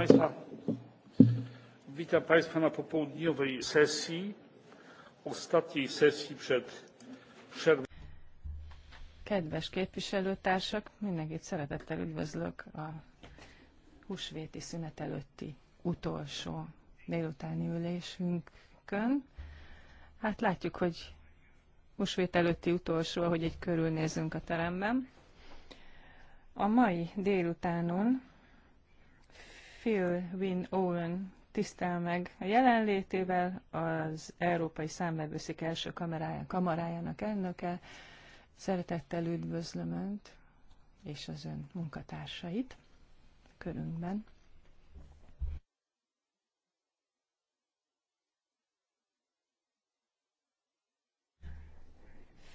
Państwa, witam Państwa na popołudniowej sesji, ostatniej sesji przed przerwą. Kedves képviselőtársak, mindenkit szeretettel üdvözlök a húsvéti szünet előtti utolsó délutáni ülésünkön. Hát látjuk, hogy húsvét előtti utolsó, ahogy egy körülnézünk a teremben. A mai délutánon Phil Win Owen tisztel meg a jelenlétével, az Európai Számbevőszék első kameráján, kamarájának elnöke. Szeretettel üdvözlöm Önt és az Ön munkatársait körünkben.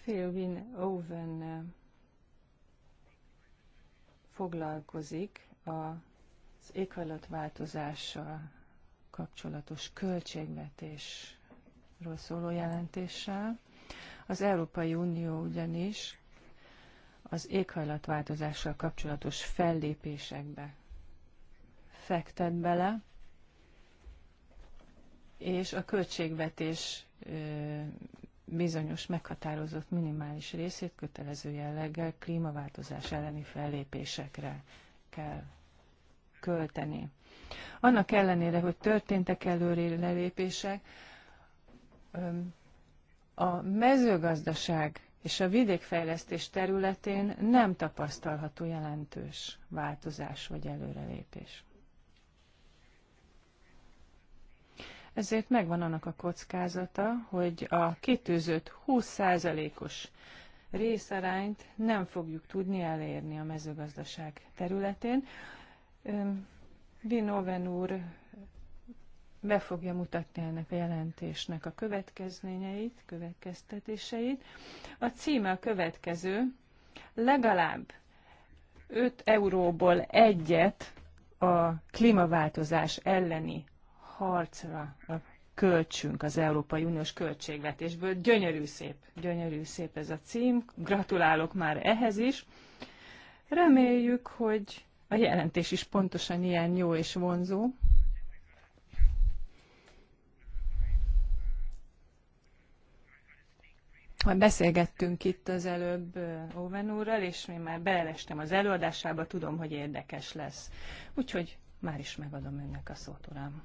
Win Owen eh, foglalkozik a az éghajlatváltozással kapcsolatos költségvetésről szóló jelentéssel. Az Európai Unió ugyanis az éghajlatváltozással kapcsolatos fellépésekbe fektet bele, és a költségvetés bizonyos meghatározott minimális részét kötelező jelleggel klímaváltozás elleni fellépésekre kell költeni. Annak ellenére, hogy történtek előrelépések, a mezőgazdaság és a vidékfejlesztés területén nem tapasztalható jelentős változás vagy előrelépés. Ezért megvan annak a kockázata, hogy a kitűzött 20%-os részarányt nem fogjuk tudni elérni a mezőgazdaság területén, Vinoven úr be fogja mutatni ennek a jelentésnek a következményeit, következtetéseit. A címe a következő, legalább 5 euróból egyet a klímaváltozás elleni harcra a költsünk az Európai Uniós költségvetésből. Gyönyörű szép, gyönyörű szép ez a cím. Gratulálok már ehhez is. Reméljük, hogy a jelentés is pontosan ilyen jó és vonzó. Már beszélgettünk itt az előbb Owen úrral, és én már belelestem az előadásába, tudom, hogy érdekes lesz. Úgyhogy már is megadom önnek a szót, uram.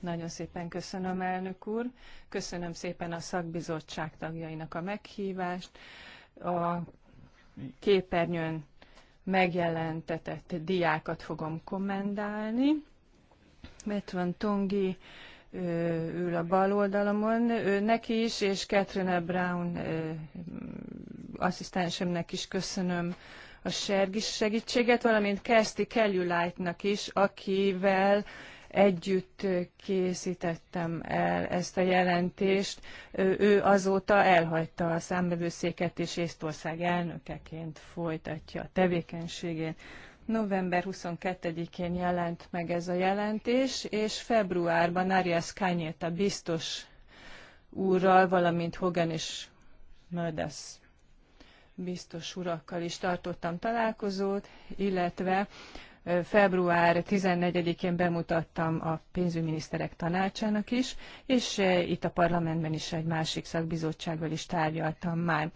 Nagyon szépen köszönöm, elnök úr. Köszönöm szépen a szakbizottság tagjainak a meghívást. A képernyőn megjelentetett diákat fogom kommentálni. Mert van Tongi, ül a bal oldalamon, ő neki is, és Catherine Brown asszisztensemnek is köszönöm a segítséget, valamint Kersti Kelly is, akivel együtt készítettem el ezt a jelentést. Ő azóta elhagyta a számbevőszéket, és Észtország elnökeként folytatja a tevékenységét. November 22-én jelent meg ez a jelentés, és februárban Arias a biztos úrral, valamint Hogan és Mördesz biztos urakkal is tartottam találkozót, illetve február 14-én bemutattam a pénzügyminiszterek tanácsának is, és eh, itt a parlamentben is egy másik szakbizottsággal is tárgyaltam már.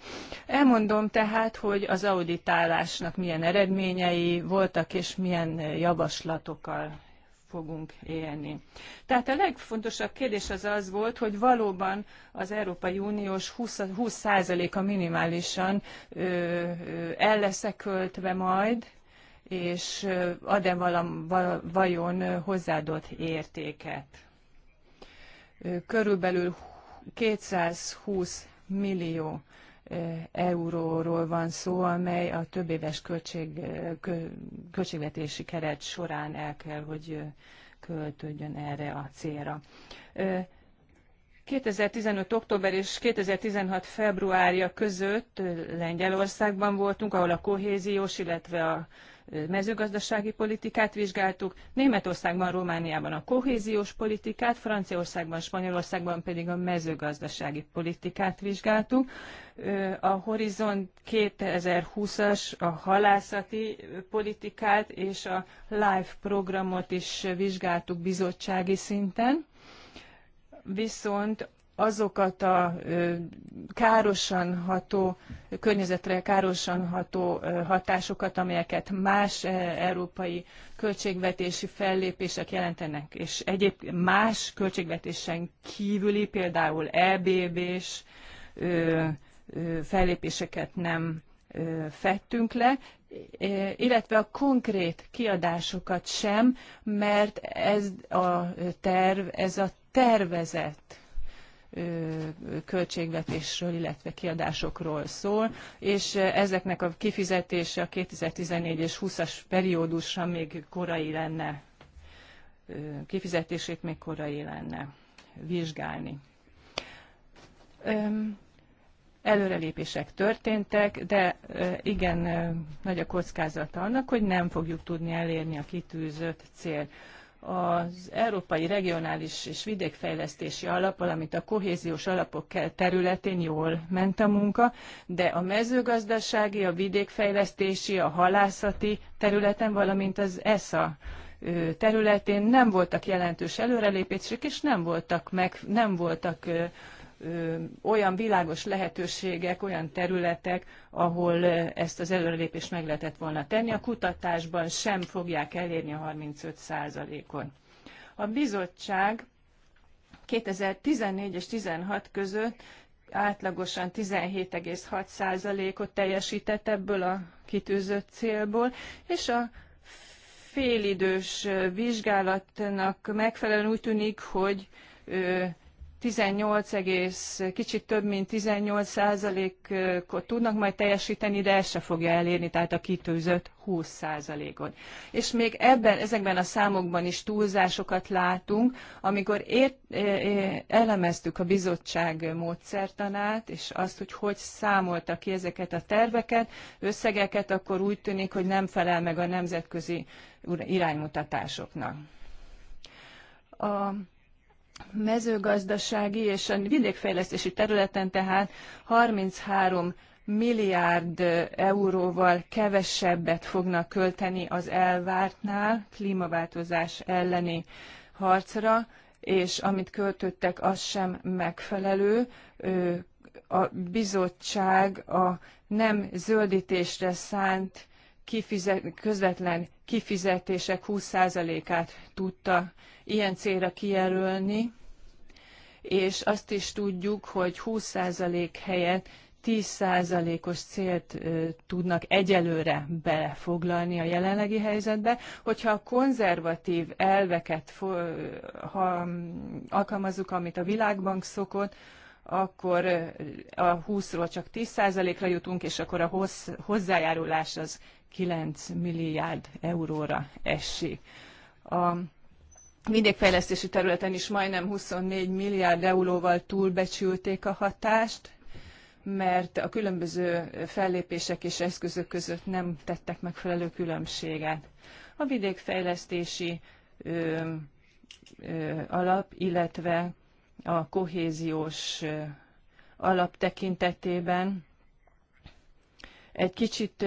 Elmondom tehát, hogy az auditálásnak milyen eredményei voltak, és milyen eh, javaslatokkal fogunk élni. Tehát a legfontosabb kérdés az az volt, hogy valóban az Európai Uniós 20%-a minimálisan el lesz -e költve majd és ad-e valam, vajon hozzáadott értéket. Körülbelül 220 millió euróról van szó, amely a több éves költség, költségvetési keret során el kell, hogy költődjön erre a célra. 2015. október és 2016. februárja között Lengyelországban voltunk, ahol a kohéziós, illetve a mezőgazdasági politikát vizsgáltuk, Németországban, Romániában a kohéziós politikát, Franciaországban, Spanyolországban pedig a mezőgazdasági politikát vizsgáltuk. A Horizont 2020-as a halászati politikát és a LIFE programot is vizsgáltuk bizottsági szinten viszont azokat a károsan ható, környezetre károsan ható hatásokat, amelyeket más európai költségvetési fellépések jelentenek, és egyéb más költségvetésen kívüli, például EBB-s fellépéseket nem fettünk le, illetve a konkrét kiadásokat sem, mert ez a terv, ez a tervezett költségvetésről, illetve kiadásokról szól, és ezeknek a kifizetése a 2014 és 20-as periódusra még korai lenne, kifizetését még korai lenne vizsgálni. Előrelépések történtek, de igen, nagy a kockázata annak, hogy nem fogjuk tudni elérni a kitűzött cél az Európai Regionális és Vidékfejlesztési Alap, valamint a kohéziós alapok területén jól ment a munka, de a mezőgazdasági, a vidékfejlesztési, a halászati területen, valamint az ESA területén nem voltak jelentős előrelépések, és nem voltak, meg, nem voltak olyan világos lehetőségek, olyan területek, ahol ezt az előrelépést meg lehetett volna tenni. A kutatásban sem fogják elérni a 35%-on. A bizottság 2014 és 16 között átlagosan 176 százalékot teljesített ebből a kitűzött célból, és a félidős vizsgálatnak megfelelően úgy tűnik, hogy 18, kicsit több mint 18 százalékot tudnak majd teljesíteni, de ezt se fogja elérni, tehát a kitűzött 20 százalékot. És még ebben, ezekben a számokban is túlzásokat látunk, amikor ért, e, e, elemeztük a bizottság módszertanát, és azt, hogy hogy számolta ki ezeket a terveket, összegeket, akkor úgy tűnik, hogy nem felel meg a nemzetközi iránymutatásoknak. A mezőgazdasági és a vidékfejlesztési területen tehát 33 milliárd euróval kevesebbet fognak költeni az elvártnál klímaváltozás elleni harcra, és amit költöttek, az sem megfelelő. A bizottság a nem zöldítésre szánt kifizet, közvetlen kifizetések 20%-át tudta ilyen célra kijelölni, és azt is tudjuk, hogy 20% helyett 10%-os célt ö, tudnak egyelőre belefoglalni a jelenlegi helyzetbe. Hogyha a konzervatív elveket fo- ha alkalmazzuk, amit a világbank szokott, akkor a 20-ról csak 10%-ra jutunk, és akkor a hossz, hozzájárulás az 9 milliárd euróra esik. A vidékfejlesztési területen is majdnem 24 milliárd euróval túlbecsülték a hatást, mert a különböző fellépések és eszközök között nem tettek megfelelő különbséget. A vidékfejlesztési ö, ö, alap, illetve a kohéziós ö, alap tekintetében egy kicsit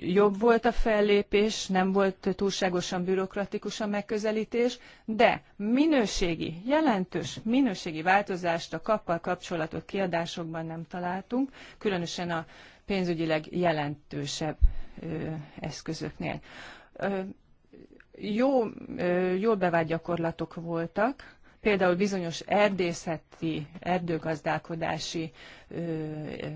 jobb volt a fellépés, nem volt túlságosan bürokratikus a megközelítés, de minőségi, jelentős minőségi változást a kappal kapcsolatot kiadásokban nem találtunk, különösen a pénzügyileg jelentősebb eszközöknél. Jó, jól bevált gyakorlatok voltak, például bizonyos erdészeti, erdőgazdálkodási ö, ö,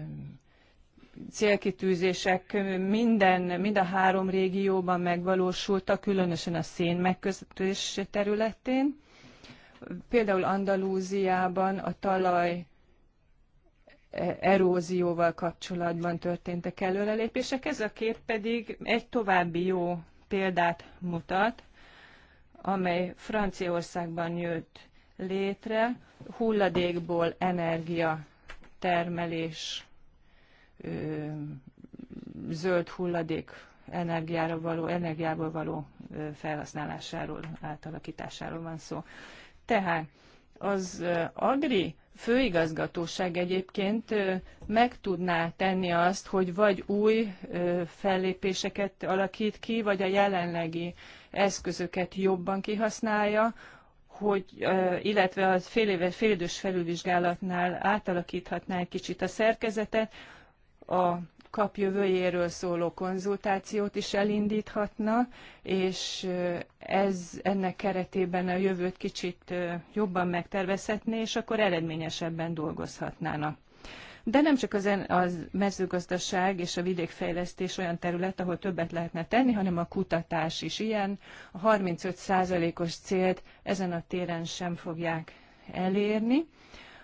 célkitűzések minden, mind a három régióban megvalósultak, különösen a szén megközelítés területén. Például Andalúziában a talaj erózióval kapcsolatban történtek előrelépések. Ez a kép pedig egy további jó példát mutat, amely Franciaországban jött létre hulladékból energia termelés zöld hulladék energiára való, energiából való felhasználásáról, átalakításáról van szó. Tehát az Agri főigazgatóság egyébként meg tudná tenni azt, hogy vagy új fellépéseket alakít ki, vagy a jelenlegi eszközöket jobban kihasználja, hogy, illetve a fél felülvizsgálatnál átalakíthatná egy kicsit a szerkezetet, a kap jövőjéről szóló konzultációt is elindíthatna, és ez ennek keretében a jövőt kicsit jobban megtervezhetné, és akkor eredményesebben dolgozhatnána. De nem csak az, az mezőgazdaság és a vidékfejlesztés olyan terület, ahol többet lehetne tenni, hanem a kutatás is ilyen. A 35%-os célt ezen a téren sem fogják elérni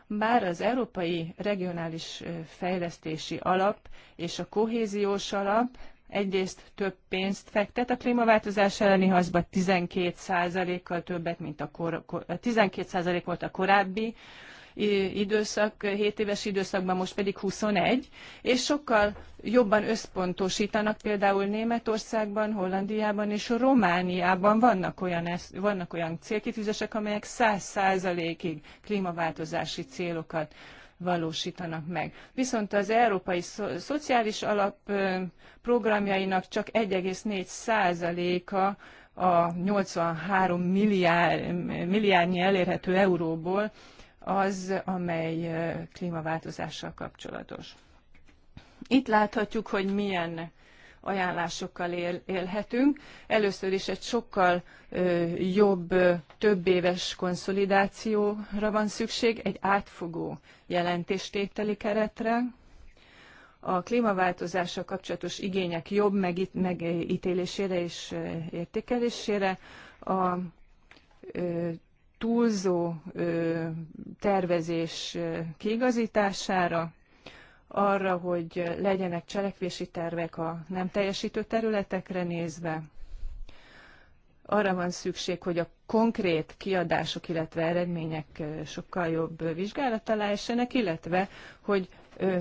bár az Európai Regionális Fejlesztési Alap és a Kohéziós Alap egyrészt több pénzt fektet a klímaváltozás elleni haszba, 12%-kal többet, mint a, kor, a 12% volt a korábbi időszak, 7 éves időszakban, most pedig 21, és sokkal jobban összpontosítanak például Németországban, Hollandiában és Romániában vannak olyan, vannak olyan célkitűzések, amelyek 100%-ig klímaváltozási célokat valósítanak meg. Viszont az Európai Szo Szociális Alap programjainak csak 1,4 a a 83 milliárd, milliárdnyi elérhető euróból az, amely klímaváltozással kapcsolatos. Itt láthatjuk, hogy milyen ajánlásokkal él, élhetünk. Először is egy sokkal ö, jobb, ö, több éves konszolidációra van szükség, egy átfogó jelentéstételi keretre. A klímaváltozással kapcsolatos igények jobb megít, megítélésére és értékelésére, a ö, túlzó tervezés kiigazítására, arra, hogy legyenek cselekvési tervek a nem teljesítő területekre nézve. Arra van szükség, hogy a konkrét kiadások, illetve eredmények sokkal jobb vizsgálat alá essenek, illetve, hogy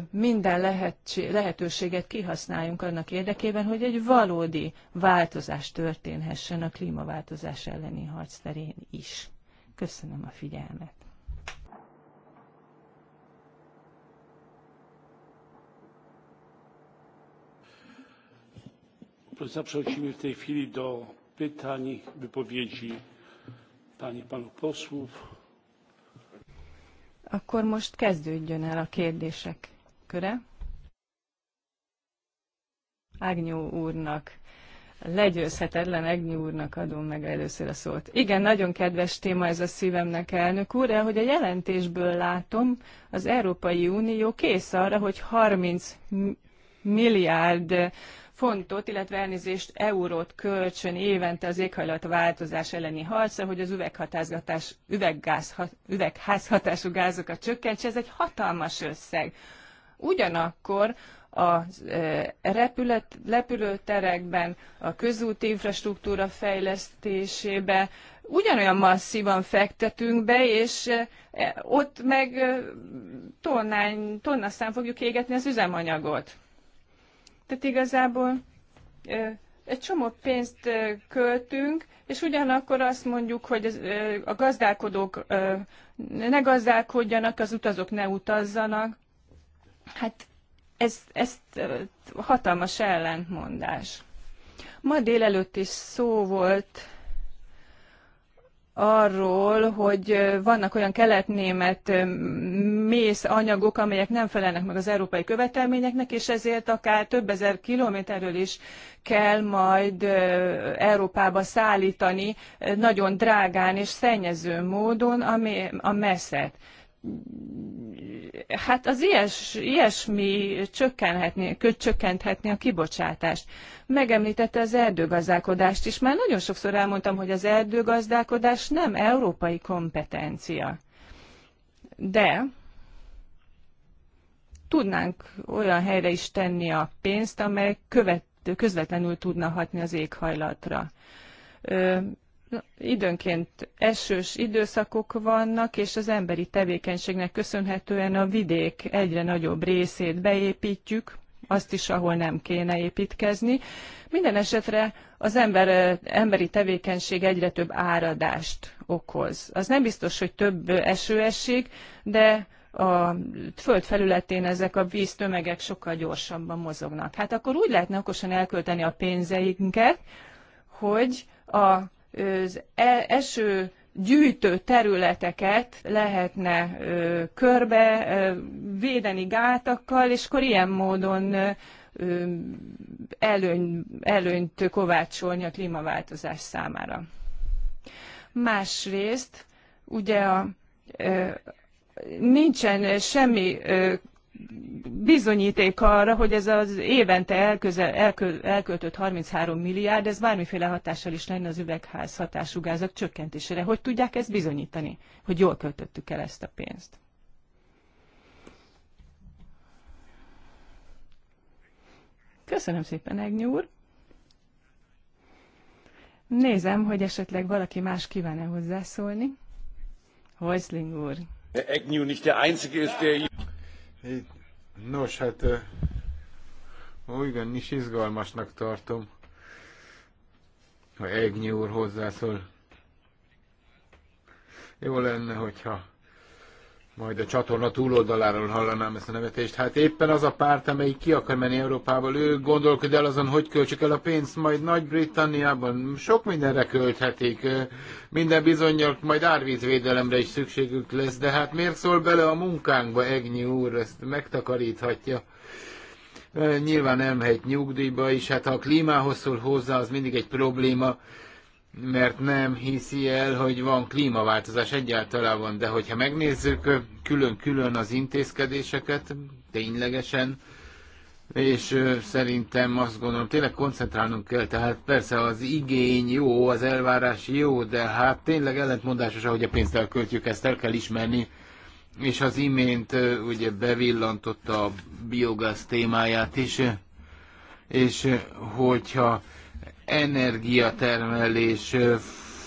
minden lehetőséget kihasználjunk annak érdekében, hogy egy valódi változás történhessen a klímaváltozás elleni harc terén is. Köszönöm a figyelmet. Przechodzimy w tej chwili do pytań, wypowiedzi pani panów posłów. Akkor most kezdődjön el a kérdések köre. Ágnyó úrnak legyőzhetetlen Egnyi úrnak adom meg először a szót. Igen, nagyon kedves téma ez a szívemnek, elnök úr, de ahogy a jelentésből látom, az Európai Unió kész arra, hogy 30 milliárd fontot, illetve elnézést eurót kölcsön évente az éghajlatváltozás elleni harcra, hogy az üvegházhatás, üveggáz, üvegházhatású gázokat csökkentse. Ez egy hatalmas összeg. Ugyanakkor a e, repület, repülőterekben, a közúti infrastruktúra fejlesztésébe, ugyanolyan masszívan fektetünk be, és e, e, ott meg tonnán, tonnaszám fogjuk égetni az üzemanyagot. Tehát igazából egy csomó pénzt költünk, és ugyanakkor azt mondjuk, hogy a gazdálkodók ne gazdálkodjanak, az utazók ne utazzanak. Hát ez, ez hatalmas ellentmondás. Ma délelőtt is szó volt arról, hogy vannak olyan kelet-német mész anyagok, amelyek nem felelnek meg az európai követelményeknek, és ezért akár több ezer kilométerről is kell majd Európába szállítani nagyon drágán és szennyező módon a, a meszet hát az ilyes, ilyesmi csökkenhetné, csökkenthetné a kibocsátást. Megemlítette az erdőgazdálkodást is. Már nagyon sokszor elmondtam, hogy az erdőgazdálkodás nem európai kompetencia. De tudnánk olyan helyre is tenni a pénzt, amely követ, közvetlenül tudna hatni az éghajlatra időnként esős időszakok vannak, és az emberi tevékenységnek köszönhetően a vidék egyre nagyobb részét beépítjük, azt is, ahol nem kéne építkezni. Minden esetre az ember, emberi tevékenység egyre több áradást okoz. Az nem biztos, hogy több eső esik, de a föld felületén ezek a víztömegek sokkal gyorsabban mozognak. Hát akkor úgy lehetne okosan elkölteni a pénzeinket, hogy a az e, eső gyűjtő területeket lehetne ö, körbe ö, védeni gátakkal, és akkor ilyen módon ö, előny, előnyt kovácsolni a klímaváltozás számára. Másrészt ugye a, ö, nincsen semmi bizonyíték arra, hogy ez az évente elközel, elkö, elköltött 33 milliárd, ez bármiféle hatással is lenne az üvegház hatású gázok csökkentésére. Hogy tudják ezt bizonyítani, hogy jól költöttük el ezt a pénzt? Köszönöm szépen, Egnyi úr. Nézem, hogy esetleg valaki más kíván-e hozzászólni. Heusling úr. Egnyi nicht der einzige ist, der... Nos, hát is izgalmasnak tartom, ha Egnyi úr hozzászól. Jó lenne, hogyha majd a csatorna túloldaláról hallanám ezt a nevetést. Hát éppen az a párt, amelyik ki akar menni Európával, ő gondolkod el azon, hogy költsük el a pénzt, majd Nagy-Britanniában sok mindenre költhetik, minden bizonyal majd árvízvédelemre is szükségük lesz, de hát miért szól bele a munkánkba, Egnyi úr, ezt megtakaríthatja. Nyilván elmehet nyugdíjba is, hát ha a klímához szól hozzá, az mindig egy probléma mert nem hiszi el, hogy van klímaváltozás egyáltalában, de hogyha megnézzük külön-külön az intézkedéseket, ténylegesen, és szerintem azt gondolom, tényleg koncentrálnunk kell, tehát persze az igény jó, az elvárás jó, de hát tényleg ellentmondásos, ahogy a pénzt elköltjük, ezt el kell ismerni, és az imént ugye bevillantotta a biogáz témáját is, és hogyha energiatermelés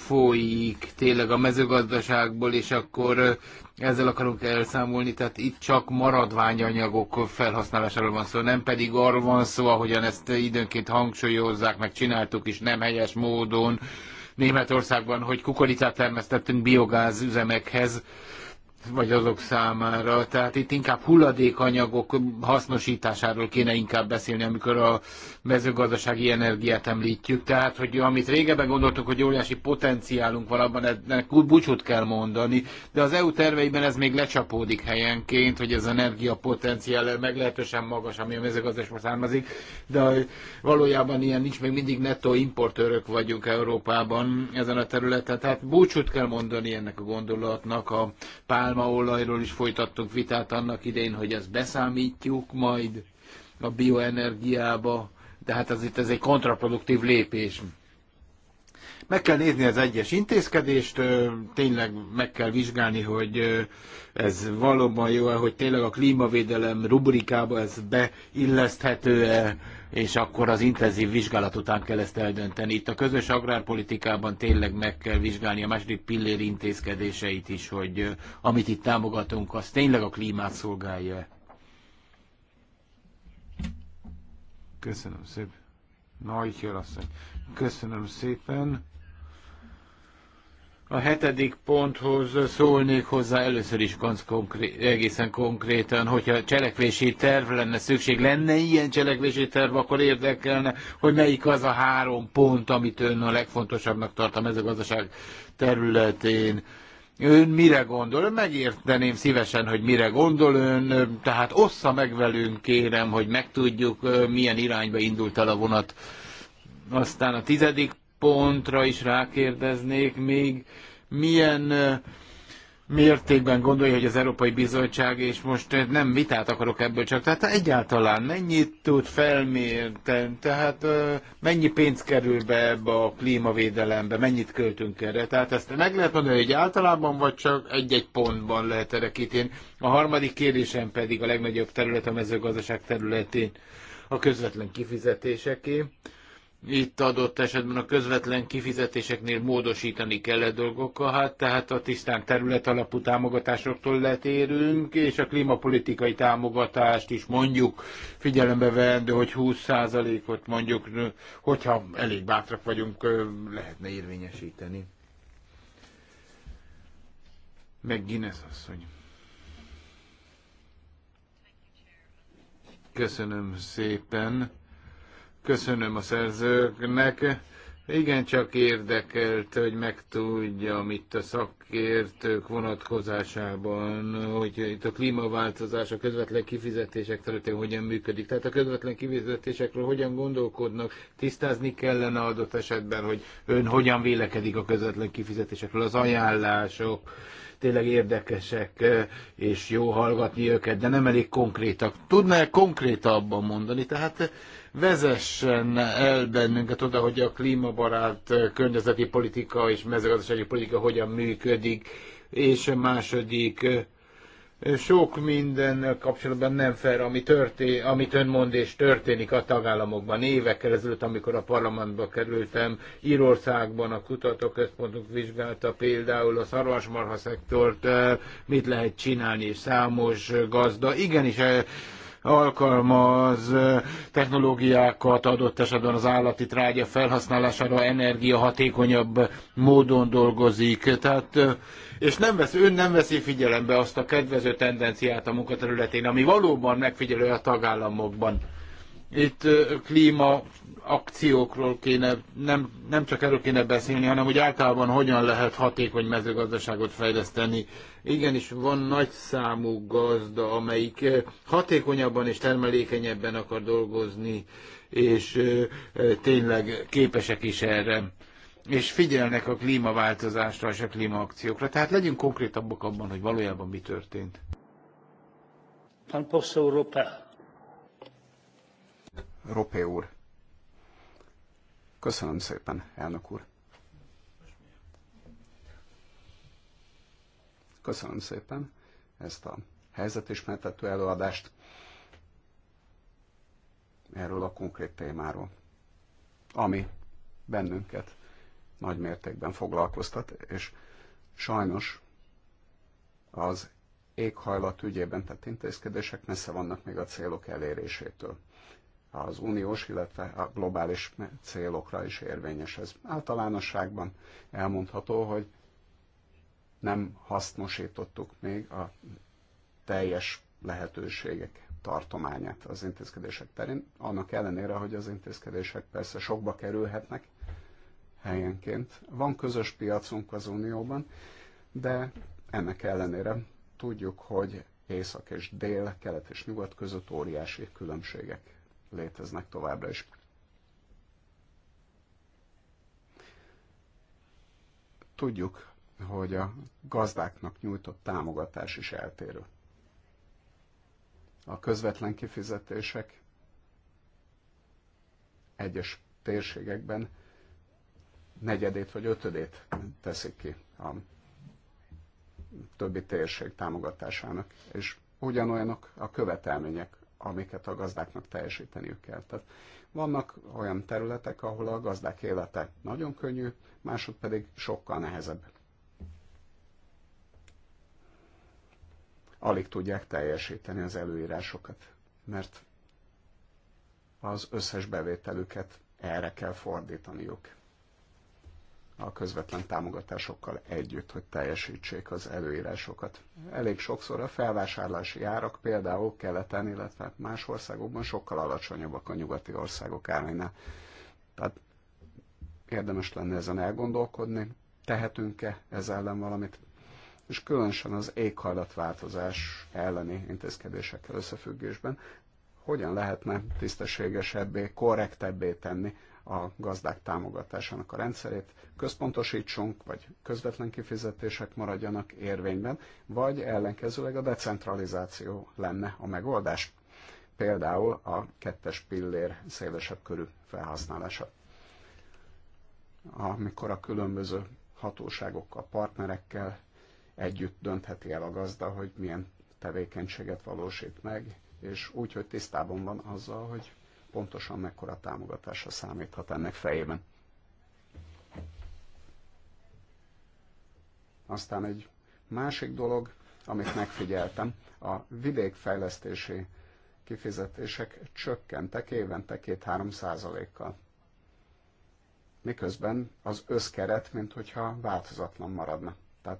folyik tényleg a mezőgazdaságból, és akkor ezzel akarunk elszámolni, tehát itt csak maradványanyagok felhasználásáról van szó, nem pedig arról van szó, ahogyan ezt időnként hangsúlyozzák, meg csináltuk is nem helyes módon Németországban, hogy kukoricát termesztettünk biogáz üzemekhez, vagy azok számára. Tehát itt inkább hulladékanyagok hasznosításáról kéne inkább beszélni, amikor a mezőgazdasági energiát említjük. Tehát, hogy amit régebben gondoltuk, hogy óriási potenciálunk van abban, ennek búcsút kell mondani, de az EU terveiben ez még lecsapódik helyenként, hogy az potenciál meglehetősen magas, ami a mezőgazdaságban származik, de valójában ilyen nincs, még mindig nettó importőrök vagyunk Európában ezen a területen. Tehát búcsút kell mondani ennek a gondolatnak a pár pálmaolajról is folytattunk vitát annak idején, hogy ezt beszámítjuk majd a bioenergiába, de hát ez itt ez egy kontraproduktív lépés. Meg kell nézni az egyes intézkedést, tényleg meg kell vizsgálni, hogy ez valóban jó-e, hogy tényleg a klímavédelem rubrikába ez beilleszthető-e, és akkor az intenzív vizsgálat után kell ezt eldönteni. Itt a közös agrárpolitikában tényleg meg kell vizsgálni a második pillér intézkedéseit is, hogy amit itt támogatunk, az tényleg a klímát szolgálja. Köszönöm szépen. Nagy asszony. Köszönöm szépen. A hetedik ponthoz szólnék hozzá először is konkrét, egészen konkrétan, hogyha cselekvési terv lenne szükség, lenne ilyen cselekvési terv, akkor érdekelne, hogy melyik az a három pont, amit ön a legfontosabbnak tart a mezőgazdaság területén. Ön mire gondol? Ön megérteném szívesen, hogy mire gondol ön, tehát ossza meg velünk, kérem, hogy megtudjuk, milyen irányba indult el a vonat. Aztán a tizedik pontra is rákérdeznék még, milyen mértékben gondolja, hogy az Európai Bizottság, és most nem vitát akarok ebből csak, tehát egyáltalán mennyit tud felmérteni, tehát mennyi pénz kerül be ebbe a klímavédelembe, mennyit költünk erre, tehát ezt meg lehet mondani, hogy általában vagy csak egy-egy pontban lehet erre kitén. A harmadik kérdésem pedig a legnagyobb terület a mezőgazdaság területén a közvetlen kifizetéseké itt adott esetben a közvetlen kifizetéseknél módosítani kell a dolgokat, hát tehát a tisztán terület alapú támogatásoktól letérünk, és a klímapolitikai támogatást is mondjuk figyelembe vendő, hogy 20%-ot mondjuk, hogyha elég bátrak vagyunk, lehetne érvényesíteni. Meg Guinness asszony. Köszönöm szépen Köszönöm a szerzőknek. Igen, csak érdekelt, hogy megtudja, amit a szakértők vonatkozásában, hogy itt a klímaváltozás, a közvetlen kifizetések területén hogyan működik. Tehát a közvetlen kifizetésekről hogyan gondolkodnak, tisztázni kellene adott esetben, hogy ön hogyan vélekedik a közvetlen kifizetésekről, az ajánlások tényleg érdekesek, és jó hallgatni őket, de nem elég konkrétak. Tudná -e konkrétabban mondani? Tehát vezessen el bennünket oda, hogy a klímabarát környezeti politika és mezőgazdasági politika hogyan működik, és második sok minden kapcsolatban nem fel, ami, történ, amit ön mond és történik a tagállamokban. Évekkel ezelőtt, amikor a parlamentbe kerültem, Írországban a kutatóközpontunk vizsgálta például a szarvasmarha szektort, mit lehet csinálni, és számos gazda igenis alkalmaz technológiákat, adott esetben az állati trágya felhasználására energiahatékonyabb módon dolgozik. Tehát, és nem vesz, ön nem veszi figyelembe azt a kedvező tendenciát a munkaterületén, ami valóban megfigyelő a tagállamokban itt klíma akciókról kéne, nem, nem csak erről kéne beszélni, hanem hogy általában hogyan lehet hatékony mezőgazdaságot fejleszteni. Igenis van nagy számú gazda, amelyik hatékonyabban és termelékenyebben akar dolgozni, és tényleg képesek is erre és figyelnek a klímaváltozásra és a klímaakciókra. Tehát legyünk konkrétabbak abban, hogy valójában mi történt. Pan poseł Európa Ropé úr. Köszönöm szépen, elnök úr. Köszönöm szépen ezt a helyzetismertető előadást erről a konkrét témáról, ami bennünket nagy mértékben foglalkoztat, és sajnos az éghajlat ügyében tett intézkedések messze vannak még a célok elérésétől az uniós, illetve a globális célokra is érvényes. Ez általánosságban elmondható, hogy nem hasznosítottuk még a teljes lehetőségek tartományát az intézkedések terén, annak ellenére, hogy az intézkedések persze sokba kerülhetnek helyenként. Van közös piacunk az Unióban, de ennek ellenére tudjuk, hogy észak és dél, kelet és nyugat között óriási különbségek léteznek továbbra is. Tudjuk, hogy a gazdáknak nyújtott támogatás is eltérő. A közvetlen kifizetések egyes térségekben negyedét vagy ötödét teszik ki a többi térség támogatásának, és ugyanolyanok a követelmények amiket a gazdáknak teljesíteniük kell. Tehát vannak olyan területek, ahol a gazdák élete nagyon könnyű, mások pedig sokkal nehezebb. Alig tudják teljesíteni az előírásokat, mert az összes bevételüket erre kell fordítaniuk a közvetlen támogatásokkal együtt, hogy teljesítsék az előírásokat. Elég sokszor a felvásárlási árak például keleten, illetve más országokban sokkal alacsonyabbak a nyugati országok árainál. Tehát érdemes lenne ezen elgondolkodni, tehetünk-e ez ellen valamit, és különösen az éghajlatváltozás elleni intézkedésekkel összefüggésben hogyan lehetne tisztességesebbé, korrektebbé tenni a gazdák támogatásának a rendszerét központosítsunk, vagy közvetlen kifizetések maradjanak érvényben, vagy ellenkezőleg a decentralizáció lenne a megoldás. Például a kettes pillér szélesebb körű felhasználása. Amikor a különböző hatóságokkal, partnerekkel együtt döntheti el a gazda, hogy milyen tevékenységet valósít meg, és úgy, hogy tisztában van azzal, hogy pontosan mekkora támogatásra számíthat ennek fejében. Aztán egy másik dolog, amit megfigyeltem, a vidékfejlesztési kifizetések csökkentek évente 2-3 százalékkal. Miközben az összkeret, mint hogyha változatlan maradna. Tehát,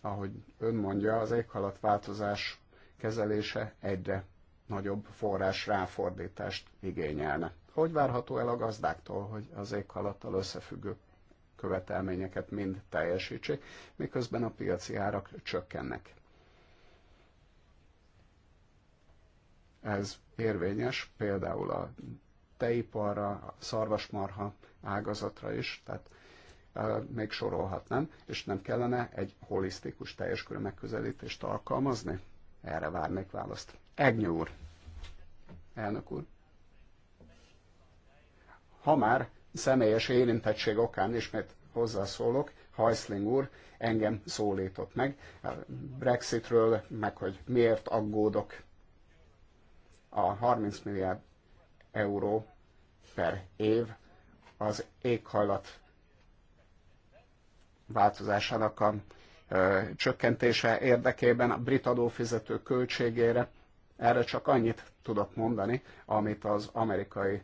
ahogy ön mondja, az változás kezelése egyre nagyobb forrás ráfordítást igényelne. Hogy várható el a gazdáktól, hogy az éghalattal összefüggő követelményeket mind teljesítsék, miközben a piaci árak csökkennek? Ez érvényes például a tejiparra, a szarvasmarha ágazatra is, tehát még sorolhatnám, és nem kellene egy holisztikus teljes körű megközelítést alkalmazni? Erre várnék választ. Egnyú úr, elnök úr, ha már személyes érintettség okán ismét hozzászólok, hajszling úr engem szólított meg Brexitről, meg hogy miért aggódok a 30 milliárd euró per év az éghajlat változásának a csökkentése érdekében a brit adófizető költségére. Erre csak annyit tudok mondani, amit az amerikai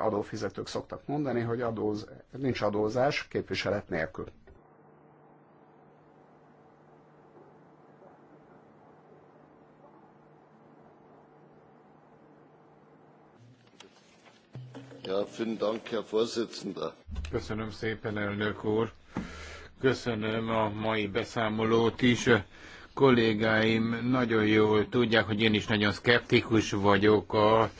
adófizetők szoktak mondani, hogy adóz, nincs adózás képviselet nélkül. Ja, vielen Dank, Herr Vorsitzender. Köszönöm szépen, elnök úr. Köszönöm a mai beszámolót is. Kollégáim nagyon jól tudják, hogy én is nagyon szkeptikus vagyok a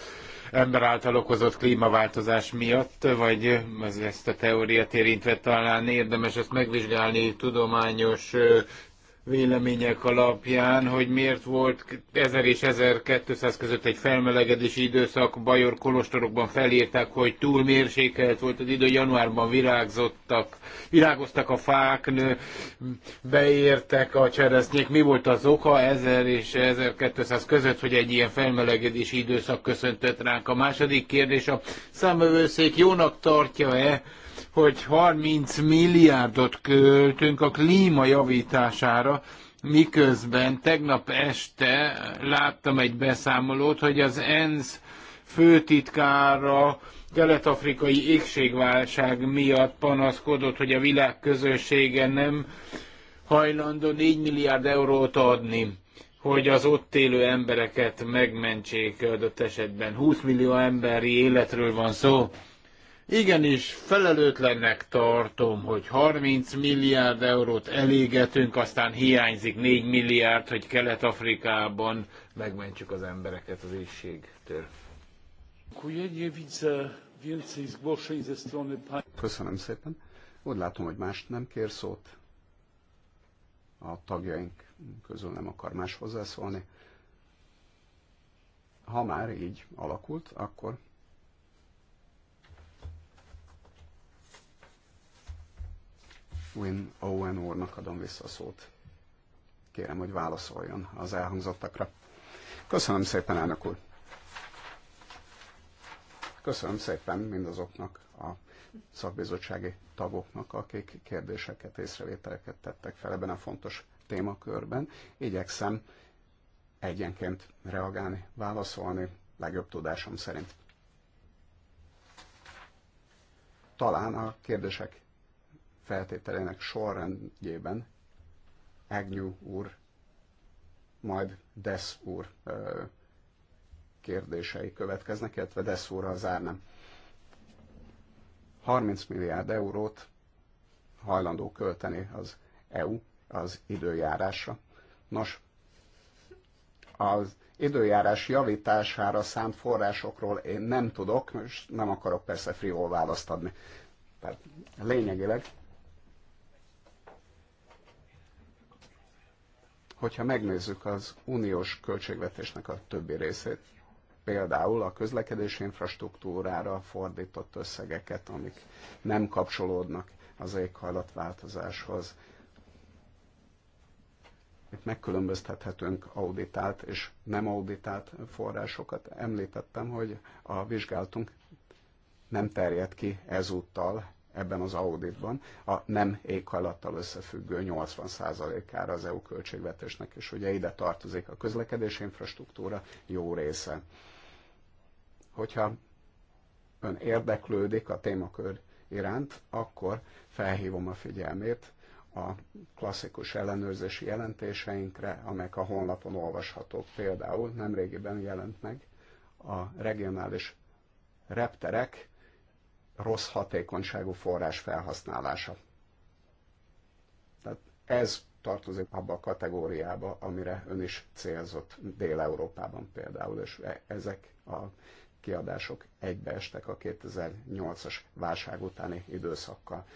ember által okozott klímaváltozás miatt, vagy ezt a teóriát érintve talán érdemes ezt megvizsgálni tudományos vélemények alapján, hogy miért volt 1000 és 1200 között egy felmelegedési időszak, Bajor kolostorokban felírták, hogy túl mérsékelt volt az idő, januárban virágzottak, virágoztak a fák, nő, beértek a cseresznyék. Mi volt az oka 1000 és 1200 között, hogy egy ilyen felmelegedési időszak köszöntött ránk? A második kérdés, a számövőszék jónak tartja-e, hogy 30 milliárdot költünk a klíma javítására, miközben tegnap este láttam egy beszámolót, hogy az ENSZ főtitkára kelet-afrikai égségválság miatt panaszkodott, hogy a világ közössége nem hajlandó 4 milliárd eurót adni, hogy az ott élő embereket megmentsék adott esetben. 20 millió emberi életről van szó. Igenis, felelőtlennek tartom, hogy 30 milliárd eurót elégetünk, aztán hiányzik 4 milliárd, hogy Kelet-Afrikában megmentsük az embereket az ésségtől. Köszönöm szépen. Úgy látom, hogy mást nem kér szót. A tagjaink közül nem akar más hozzászólni. Ha már így alakult, akkor Win Owen úrnak adom vissza a szót. Kérem, hogy válaszoljon az elhangzottakra. Köszönöm szépen, elnök úr. Köszönöm szépen mindazoknak a szakbizottsági tagoknak, akik kérdéseket, észrevételeket tettek fel ebben a fontos témakörben. Igyekszem egyenként reagálni, válaszolni legjobb tudásom szerint. Talán a kérdések feltételének sorrendjében Agnew úr, majd Desz úr kérdései következnek, illetve Desz úrra zárnám. 30 milliárd eurót hajlandó költeni az EU az időjárásra. Nos, az időjárás javítására szánt forrásokról én nem tudok, és nem akarok persze frivol választ adni. Tehát lényegileg hogyha megnézzük az uniós költségvetésnek a többi részét, például a közlekedési infrastruktúrára fordított összegeket, amik nem kapcsolódnak az éghajlatváltozáshoz. Itt megkülönböztethetünk auditált és nem auditált forrásokat. Említettem, hogy a vizsgálatunk nem terjed ki ezúttal ebben az auditban a nem éghajlattal összefüggő 80%-ára az EU költségvetésnek, és ugye ide tartozik a közlekedési infrastruktúra jó része. Hogyha ön érdeklődik a témakör iránt, akkor felhívom a figyelmét a klasszikus ellenőrzési jelentéseinkre, amelyek a honlapon olvashatók. Például nemrégiben jelent meg a regionális repterek rossz hatékonyságú forrás felhasználása. Tehát ez tartozik abba a kategóriába, amire ön is célzott Dél-Európában például, és e- ezek a kiadások egybeestek a 2008-as válság utáni időszakkal.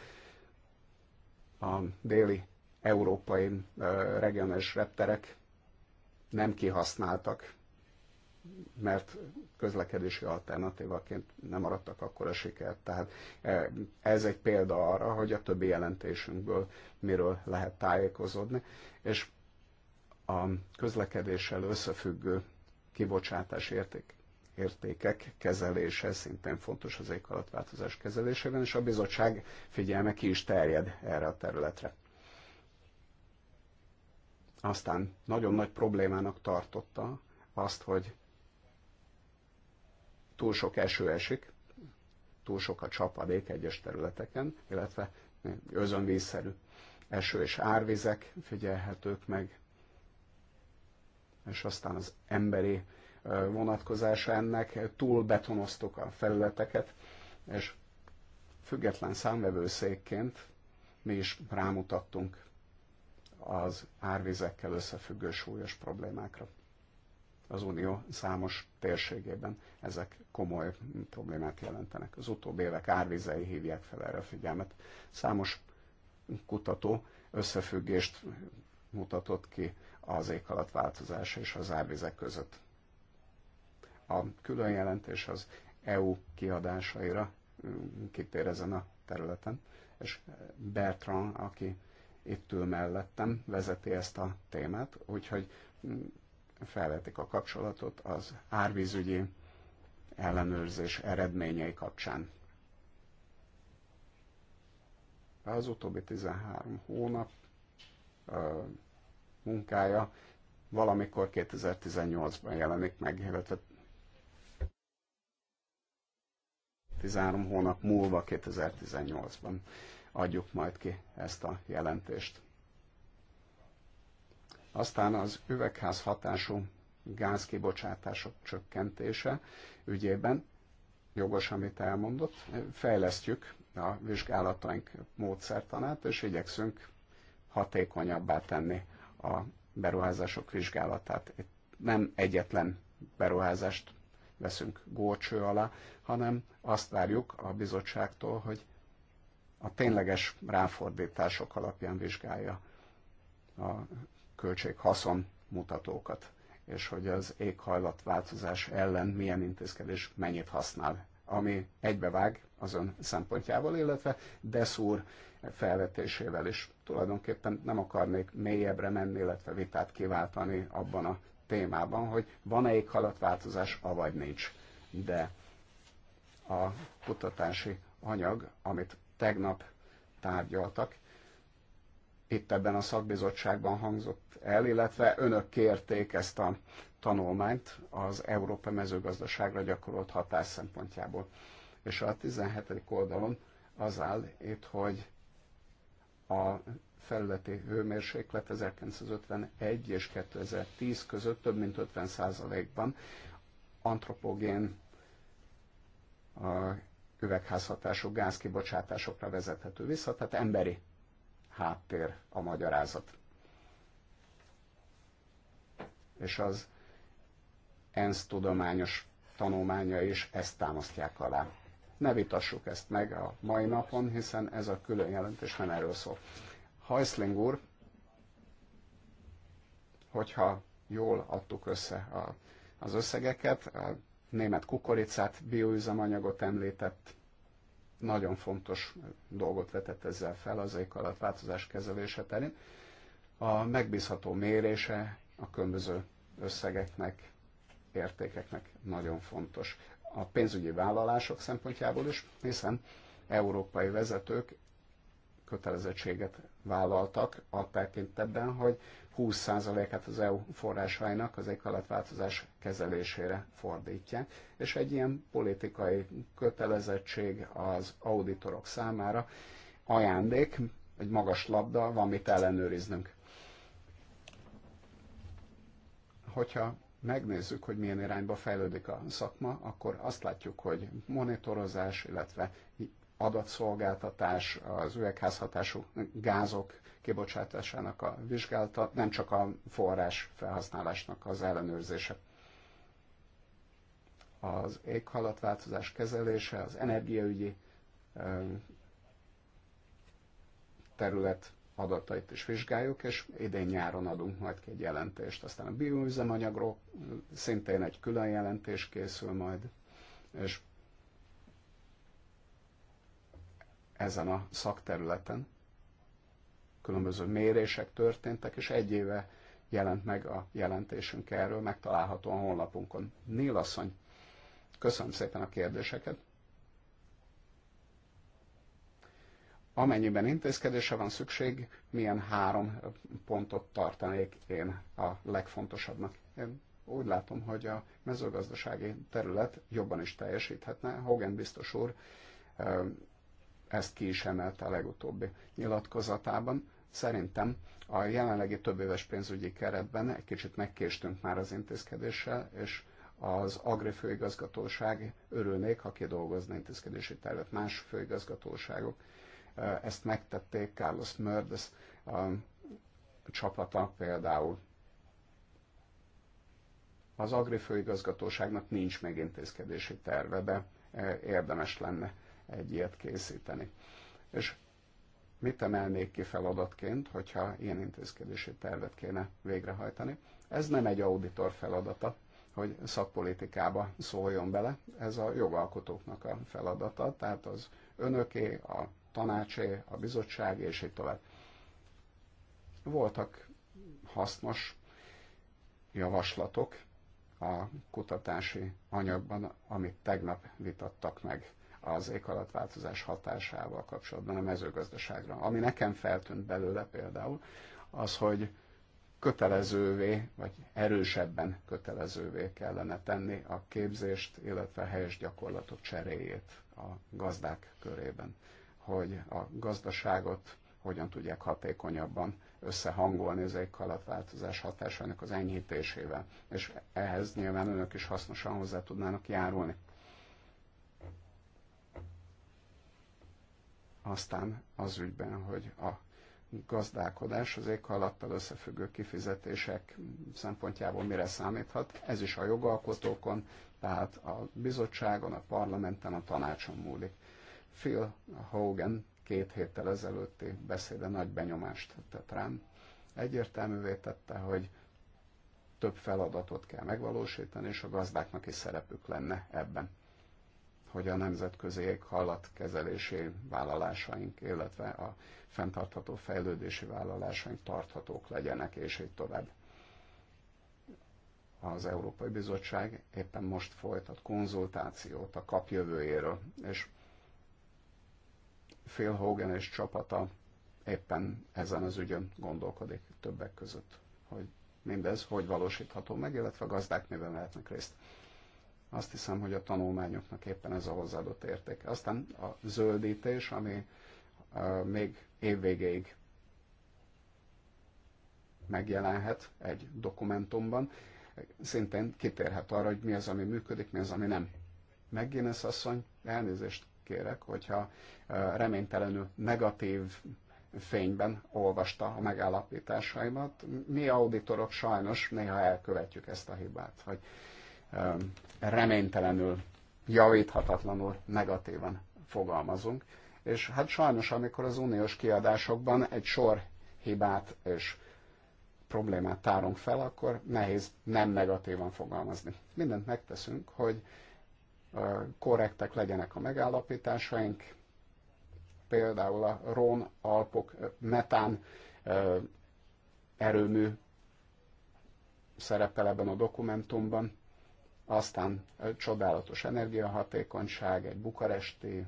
A déli európai regionális repterek nem kihasználtak mert közlekedési alternatívaként nem maradtak akkora sikert. Tehát e, ez egy példa arra, hogy a többi jelentésünkből miről lehet tájékozódni, és a közlekedéssel összefüggő kibocsátás érték, értékek kezelése szintén fontos az éghajlatváltozás kezelésében, és a bizottság figyelme ki is terjed erre a területre. Aztán nagyon nagy problémának tartotta azt, hogy túl sok eső esik, túl sok a csapadék egyes területeken, illetve özönvízszerű eső és árvizek figyelhetők meg, és aztán az emberi vonatkozása ennek, túl betonoztuk a felületeket, és független számvevőszékként mi is rámutattunk az árvizekkel összefüggő súlyos problémákra az Unió számos térségében ezek komoly problémát jelentenek. Az utóbbi évek árvizei hívják fel erre a figyelmet. Számos kutató összefüggést mutatott ki az alatt változás és az árvizek között. A külön jelentés az EU kiadásaira hm, kitér ezen a területen, és Bertrand, aki itt ül mellettem, vezeti ezt a témát, úgyhogy hm, felvetik a kapcsolatot az árvízügyi ellenőrzés eredményei kapcsán. Az utóbbi 13 hónap munkája valamikor 2018-ban jelenik meg, illetve 13 hónap múlva 2018-ban adjuk majd ki ezt a jelentést. Aztán az üvegház hatású gázkibocsátások csökkentése ügyében, jogos, amit elmondott, fejlesztjük a vizsgálataink módszertanát, és igyekszünk hatékonyabbá tenni a beruházások vizsgálatát. Itt nem egyetlen beruházást veszünk górcső alá, hanem azt várjuk a bizottságtól, hogy a tényleges ráfordítások alapján vizsgálja a költség-haszon mutatókat, és hogy az éghajlatváltozás ellen milyen intézkedés mennyit használ, ami egybevág az ön szempontjával, illetve Deszúr felvetésével is. Tulajdonképpen nem akarnék mélyebbre menni, illetve vitát kiváltani abban a témában, hogy van-e éghajlatváltozás, avagy nincs. De a kutatási anyag, amit tegnap tárgyaltak, itt ebben a szakbizottságban hangzott el, illetve önök kérték ezt a tanulmányt az Európa mezőgazdaságra gyakorolt hatás szempontjából. És a 17. oldalon az áll itt, hogy a felületi hőmérséklet 1951 és 2010 között több mint 50%-ban antropogén üvegházhatású gázkibocsátásokra vezethető vissza, tehát emberi háttér, a magyarázat. És az ENSZ tudományos tanulmánya is ezt támasztják alá. Ne vitassuk ezt meg a mai napon, hiszen ez a külön jelentés nem erről szól. Heisling úr, hogyha jól adtuk össze a, az összegeket, a német kukoricát, bioüzemanyagot említett, nagyon fontos dolgot vetett ezzel fel az alatt változás kezelése terén. A megbízható mérése a különböző összegeknek, értékeknek nagyon fontos. A pénzügyi vállalások szempontjából is, hiszen európai vezetők kötelezettséget vállaltak a tekintetben, hogy 20%-át az EU forrásainak az éghajlatváltozás kezelésére fordítja, és egy ilyen politikai kötelezettség az auditorok számára ajándék, egy magas labda, van mit ellenőriznünk. Hogyha megnézzük, hogy milyen irányba fejlődik a szakma, akkor azt látjuk, hogy monitorozás, illetve adatszolgáltatás, az üvegházhatású gázok kibocsátásának a vizsgálata, nem csak a forrás felhasználásnak az ellenőrzése. Az éghajlatváltozás kezelése, az energiaügyi terület adatait is vizsgáljuk, és idén nyáron adunk majd ki egy jelentést. Aztán a bioüzemanyagról szintén egy külön jelentés készül majd, és ezen a szakterületen. Különböző mérések történtek, és egy éve jelent meg a jelentésünk erről, megtalálható a honlapunkon. Nél asszony, köszönöm szépen a kérdéseket. Amennyiben intézkedése van szükség, milyen három pontot tartanék én a legfontosabbnak. Én úgy látom, hogy a mezőgazdasági terület jobban is teljesíthetne. Hogan biztos úr ezt ki is emelte a legutóbbi nyilatkozatában. Szerintem a jelenlegi több éves pénzügyi keretben egy kicsit megkéstünk már az intézkedéssel, és az Agri főigazgatóság örülnék, ha kidolgozna intézkedési tervet. Más főigazgatóságok ezt megtették, Carlos Mördes csapata például. Az Agri főigazgatóságnak nincs megintézkedési terve, de érdemes lenne egy ilyet készíteni. És mit emelnék ki feladatként, hogyha ilyen intézkedési tervet kéne végrehajtani? Ez nem egy auditor feladata, hogy szakpolitikába szóljon bele, ez a jogalkotóknak a feladata, tehát az önöké, a tanácsé, a bizottság, és így tovább. Voltak hasznos javaslatok a kutatási anyagban, amit tegnap vitattak meg az éghajlatváltozás hatásával kapcsolatban a mezőgazdaságra. Ami nekem feltűnt belőle például, az, hogy kötelezővé, vagy erősebben kötelezővé kellene tenni a képzést, illetve a helyes gyakorlatok cseréjét a gazdák körében, hogy a gazdaságot hogyan tudják hatékonyabban összehangolni az éghajlatváltozás hatásának az enyhítésével, és ehhez nyilván önök is hasznosan hozzá tudnának járulni. aztán az ügyben, hogy a gazdálkodás az éghajlattal összefüggő kifizetések szempontjából mire számíthat. Ez is a jogalkotókon, tehát a bizottságon, a parlamenten, a tanácson múlik. Phil Hogan két héttel ezelőtti beszéde nagy benyomást tett rám. Egyértelművé tette, hogy több feladatot kell megvalósítani, és a gazdáknak is szerepük lenne ebben hogy a nemzetközi éghajlat kezelési vállalásaink, illetve a fenntartható fejlődési vállalásaink tarthatók legyenek, és így tovább. Az Európai Bizottság éppen most folytat konzultációt a kap jövőjéről, és Phil Hogan és csapata éppen ezen az ügyön gondolkodik többek között, hogy mindez hogy valósítható meg, illetve a gazdák miben lehetnek részt. Azt hiszem, hogy a tanulmányoknak éppen ez a hozzáadott érték. Aztán a zöldítés, ami még évvégéig megjelenhet egy dokumentumban, szintén kitérhet arra, hogy mi az, ami működik, mi az, ami nem. Megint asszony, elnézést kérek, hogyha reménytelenül negatív fényben olvasta a megállapításaimat. Mi auditorok sajnos néha elkövetjük ezt a hibát, hogy reménytelenül, javíthatatlanul, negatívan fogalmazunk. És hát sajnos, amikor az uniós kiadásokban egy sor hibát és problémát tárunk fel, akkor nehéz nem negatívan fogalmazni. Mindent megteszünk, hogy korrektek legyenek a megállapításaink, például a Rón Alpok metán erőmű szerepel ebben a dokumentumban, aztán csodálatos energiahatékonyság, egy bukaresti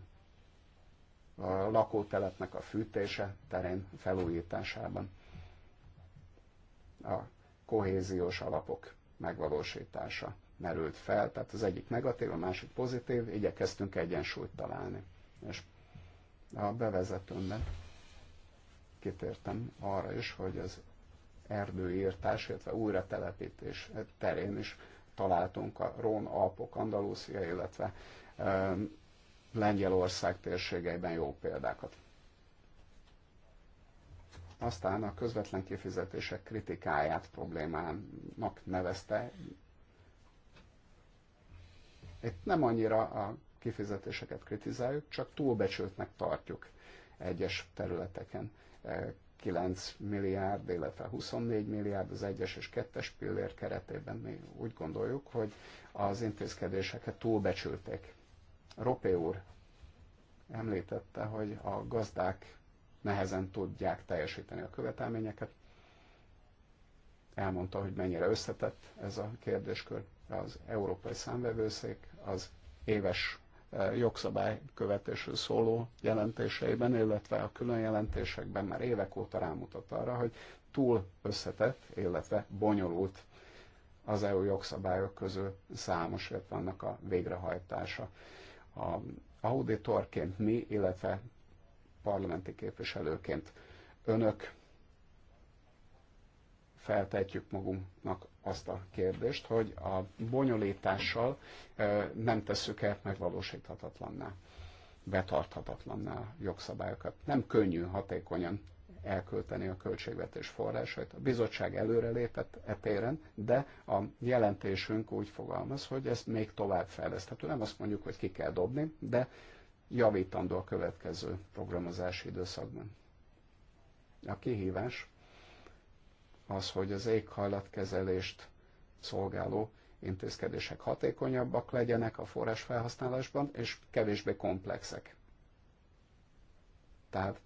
a lakótelepnek a fűtése terén felújításában. A kohéziós alapok megvalósítása merült fel, tehát az egyik negatív, a másik pozitív, igyekeztünk egyensúlyt találni. És a bevezetőmben kitértem arra is, hogy az erdőírtás, illetve újratelepítés terén is találtunk a Rón, Alpok, Andalúzia, illetve Lengyelország térségeiben jó példákat. Aztán a közvetlen kifizetések kritikáját problémának nevezte. Itt nem annyira a kifizetéseket kritizáljuk, csak túlbecsültnek tartjuk egyes területeken 9 milliárd, illetve 24 milliárd az egyes és kettes pillér keretében mi úgy gondoljuk, hogy az intézkedéseket túlbecsülték. Ropé úr említette, hogy a gazdák nehezen tudják teljesíteni a követelményeket. Elmondta, hogy mennyire összetett ez a kérdéskör. Az Európai Számvevőszék az éves jogszabály szóló jelentéseiben, illetve a külön jelentésekben már évek óta rámutat arra, hogy túl összetett, illetve bonyolult az EU jogszabályok közül számos, illetve annak a végrehajtása. A auditorként mi, illetve parlamenti képviselőként önök feltetjük magunknak azt a kérdést, hogy a bonyolítással nem tesszük-e megvalósíthatatlanná, betarthatatlanná a jogszabályokat. Nem könnyű hatékonyan elkölteni a költségvetés forrásait. A bizottság előrelépett e téren, de a jelentésünk úgy fogalmaz, hogy ezt még tovább fejleszthető. Nem azt mondjuk, hogy ki kell dobni, de javítandó a következő programozási időszakban. A kihívás az, hogy az éghajlatkezelést szolgáló intézkedések hatékonyabbak legyenek a forrásfelhasználásban, és kevésbé komplexek. Tehát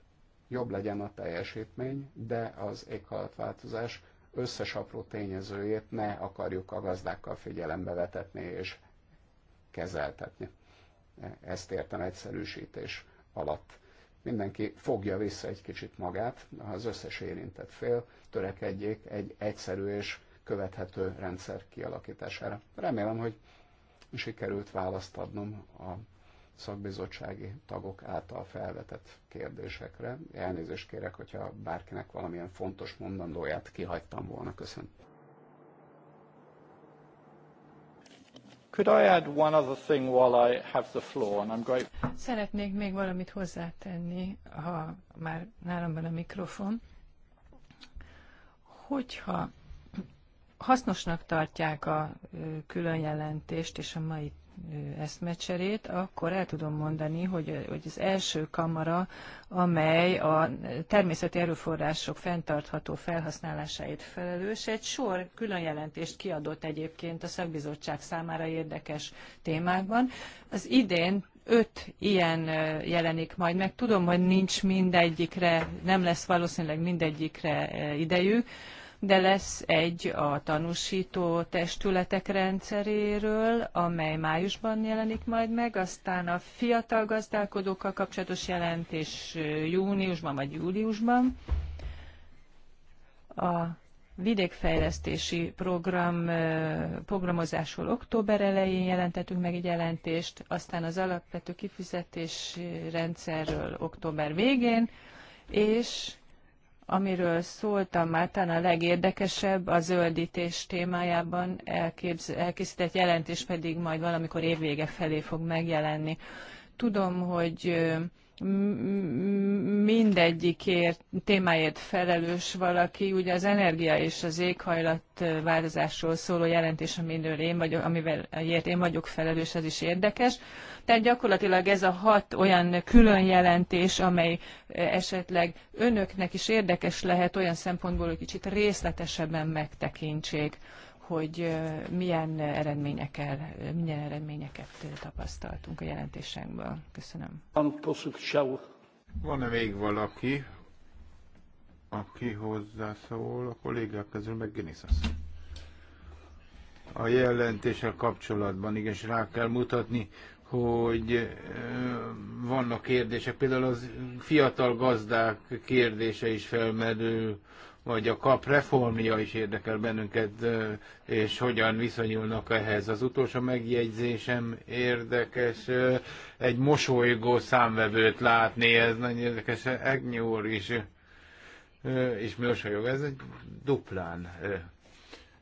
jobb legyen a teljesítmény, de az éghajlatváltozás összes apró tényezőjét ne akarjuk a gazdákkal figyelembe vetetni és kezeltetni. Ezt értem egyszerűsítés alatt mindenki fogja vissza egy kicsit magát, az összes érintett fél törekedjék egy egyszerű és követhető rendszer kialakítására. Remélem, hogy sikerült választ adnom a szakbizottsági tagok által felvetett kérdésekre. Elnézést kérek, hogyha bárkinek valamilyen fontos mondandóját kihagytam volna. Köszönöm. Could I add one other thing while I have the floor, and I'm great. Szeretnék még valamit hozzátenni, ha már nálam van a mikrofon. Hogyha hasznosnak tartják a különjelentést és a mai eszmecserét, akkor el tudom mondani, hogy, hogy az első kamara, amely a természeti erőforrások fenntartható felhasználásáért felelős, egy sor külön jelentést kiadott egyébként a szakbizottság számára érdekes témákban. Az idén öt ilyen jelenik majd meg. Tudom, hogy nincs mindegyikre, nem lesz valószínűleg mindegyikre idejük, de lesz egy a tanúsító testületek rendszeréről, amely májusban jelenik majd meg, aztán a fiatal gazdálkodókkal kapcsolatos jelentés júniusban vagy júliusban. A vidékfejlesztési program, programozásról október elején jelentettünk meg egy jelentést, aztán az alapvető kifizetés rendszerről október végén, és Amiről szóltam már, talán a legérdekesebb a zöldítés témájában elképz- elkészített jelentés pedig majd valamikor évvége felé fog megjelenni. Tudom, hogy mindegyikért témáért felelős valaki. Ugye az energia és az éghajlat változásról szóló jelentés, amiről én vagyok, amivel én vagyok felelős, ez is érdekes. Tehát gyakorlatilag ez a hat olyan külön jelentés, amely esetleg önöknek is érdekes lehet olyan szempontból, hogy kicsit részletesebben megtekintsék hogy milyen, eredményekkel, milyen eredményeket tapasztaltunk a jelentésekből. Köszönöm. Van-e még valaki, aki hozzászól a kollégák közül, meg Genisasz? A jelentéssel kapcsolatban igenis rá kell mutatni, hogy vannak kérdések, például az fiatal gazdák kérdése is felmerül, vagy a kap reformja is érdekel bennünket, és hogyan viszonyulnak ehhez. Az utolsó megjegyzésem érdekes, egy mosolygó számvevőt látni, ez nagyon érdekes, Egnyúr is, és mosolyog, ez egy duplán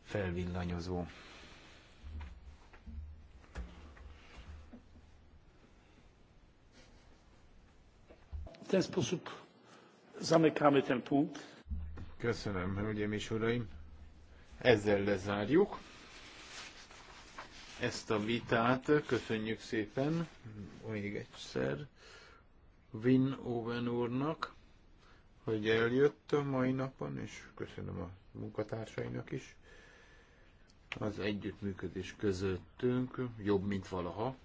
felvillanyozó. W ten sposób zamykamy ten punkt. Köszönöm, hölgyeim és uraim. Ezzel lezárjuk ezt a vitát. Köszönjük szépen még egyszer Vin Owen úrnak, hogy eljött a mai napon, és köszönöm a munkatársainak is. Az együttműködés közöttünk jobb, mint valaha.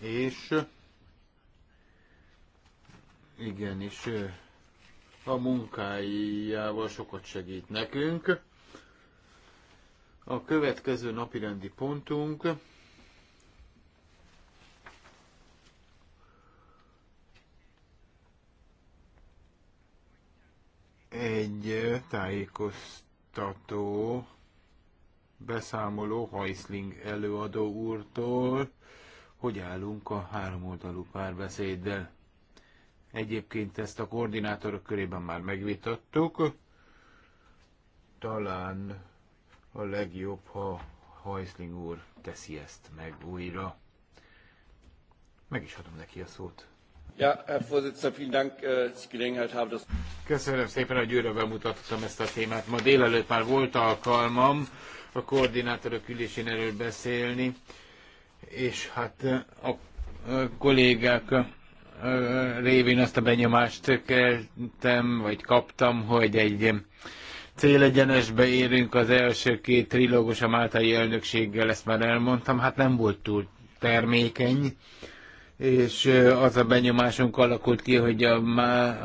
És igen, és a munkájával sokat segít nekünk. A következő napirendi pontunk egy tájékoztató beszámoló Hajszling előadó úrtól, hogy állunk a háromoldalú párbeszéddel. Egyébként ezt a koordinátorok körében már megvitattuk. Talán a legjobb, ha Hajszling úr teszi ezt meg újra. Meg is adom neki a szót. Ja, Herr Vorsitzender, vielen Dank, äh, dass Gelegenheit habe, dass... Köszönöm szépen, hogy újra bemutattam ezt a témát. Ma délelőtt már volt alkalmam a koordinátorok ülésén erről beszélni, és hát a kollégák révén azt a benyomást keltem, vagy kaptam, hogy egy célegyenesbe érünk az első két trilógus a Máltai elnökséggel, ezt már elmondtam, hát nem volt túl termékeny és az a benyomásunk alakult ki, hogy a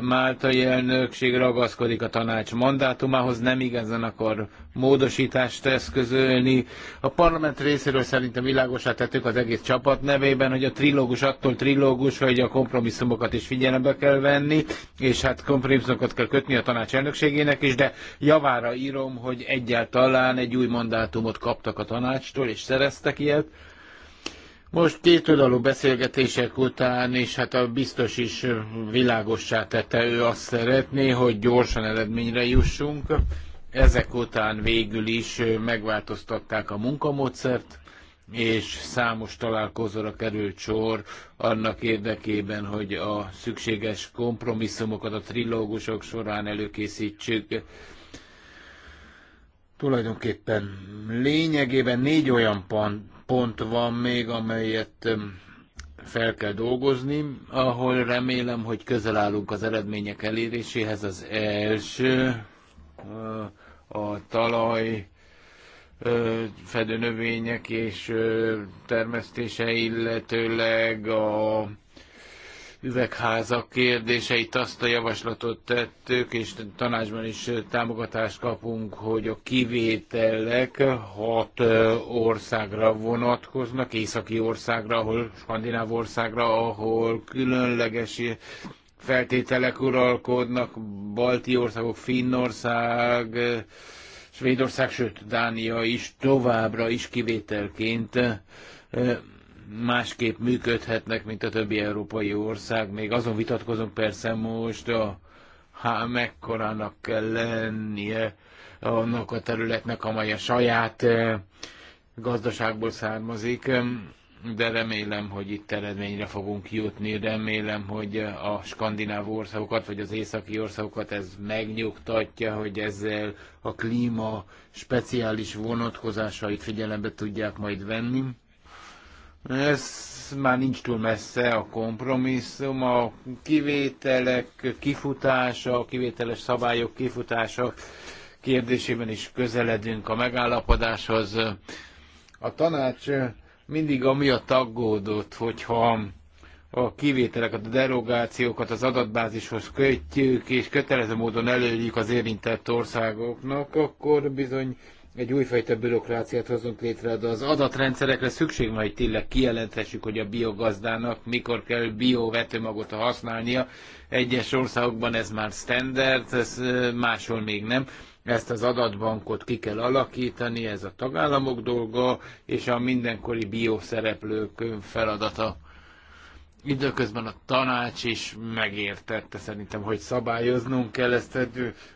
máltai elnökség ragaszkodik a tanács mandátumához, nem igazán akar módosítást eszközölni. A parlament részéről szerintem világosát tettük az egész csapat nevében, hogy a trilógus attól trilógus, hogy a kompromisszumokat is figyelembe kell venni, és hát kompromisszumokat kell kötni a tanács elnökségének is, de javára írom, hogy egyáltalán egy új mandátumot kaptak a tanácstól, és szereztek ilyet most két oldalú beszélgetések után, és hát a biztos is világossá tette, ő azt szeretné, hogy gyorsan eredményre jussunk. Ezek után végül is megváltoztatták a munkamódszert, és számos találkozóra került sor annak érdekében, hogy a szükséges kompromisszumokat a trilógusok során előkészítsük. Tulajdonképpen lényegében négy olyan pont pont van még, amelyet fel kell dolgozni, ahol remélem, hogy közel állunk az eredmények eléréséhez. Az első a talaj fedőnövények és termesztése, illetőleg a üvegházak kérdéseit, azt a javaslatot tettük, és tanácsban is támogatást kapunk, hogy a kivételek hat országra vonatkoznak, északi országra, ahol skandináv országra, ahol különleges feltételek uralkodnak, balti országok, Finnország, Svédország, sőt Dánia is továbbra is kivételként másképp működhetnek, mint a többi európai ország. Még azon vitatkozom persze most, a, ha mekkorának kell lennie annak a területnek, amely a saját eh, gazdaságból származik, de remélem, hogy itt eredményre fogunk jutni, remélem, hogy a skandináv országokat, vagy az északi országokat ez megnyugtatja, hogy ezzel a klíma speciális vonatkozásait figyelembe tudják majd venni ez már nincs túl messze a kompromisszum, a kivételek kifutása, a kivételes szabályok kifutása kérdésében is közeledünk a megállapodáshoz. A tanács mindig amiatt aggódott, hogyha a kivételeket, a derogációkat az adatbázishoz kötjük, és kötelező módon előjük az érintett országoknak, akkor bizony egy újfajta bürokráciát hozunk létre, de az adatrendszerekre szükség van, hogy tényleg kijelenthessük, hogy a biogazdának mikor kell biovetőmagot használnia. Egyes országokban ez már standard, ez máshol még nem. Ezt az adatbankot ki kell alakítani, ez a tagállamok dolga, és a mindenkori bioszereplők feladata. Időközben a tanács is megértette szerintem, hogy szabályoznunk kell ezt.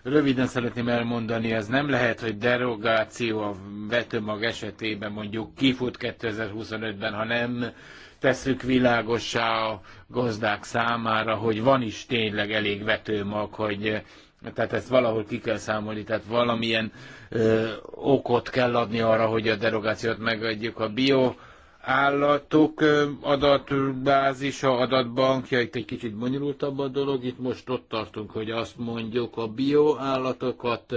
Röviden szeretném elmondani, ez nem lehet, hogy derogáció a vetőmag esetében mondjuk kifut 2025-ben, ha nem tesszük világossá a gazdák számára, hogy van is tényleg elég vetőmag, hogy tehát ezt valahol ki kell számolni, tehát valamilyen ö, okot kell adni arra, hogy a derogációt megadjuk. A bio állatok adatbázisa, adatbankja, itt egy kicsit bonyolultabb a dolog, itt most ott tartunk, hogy azt mondjuk a bioállatokat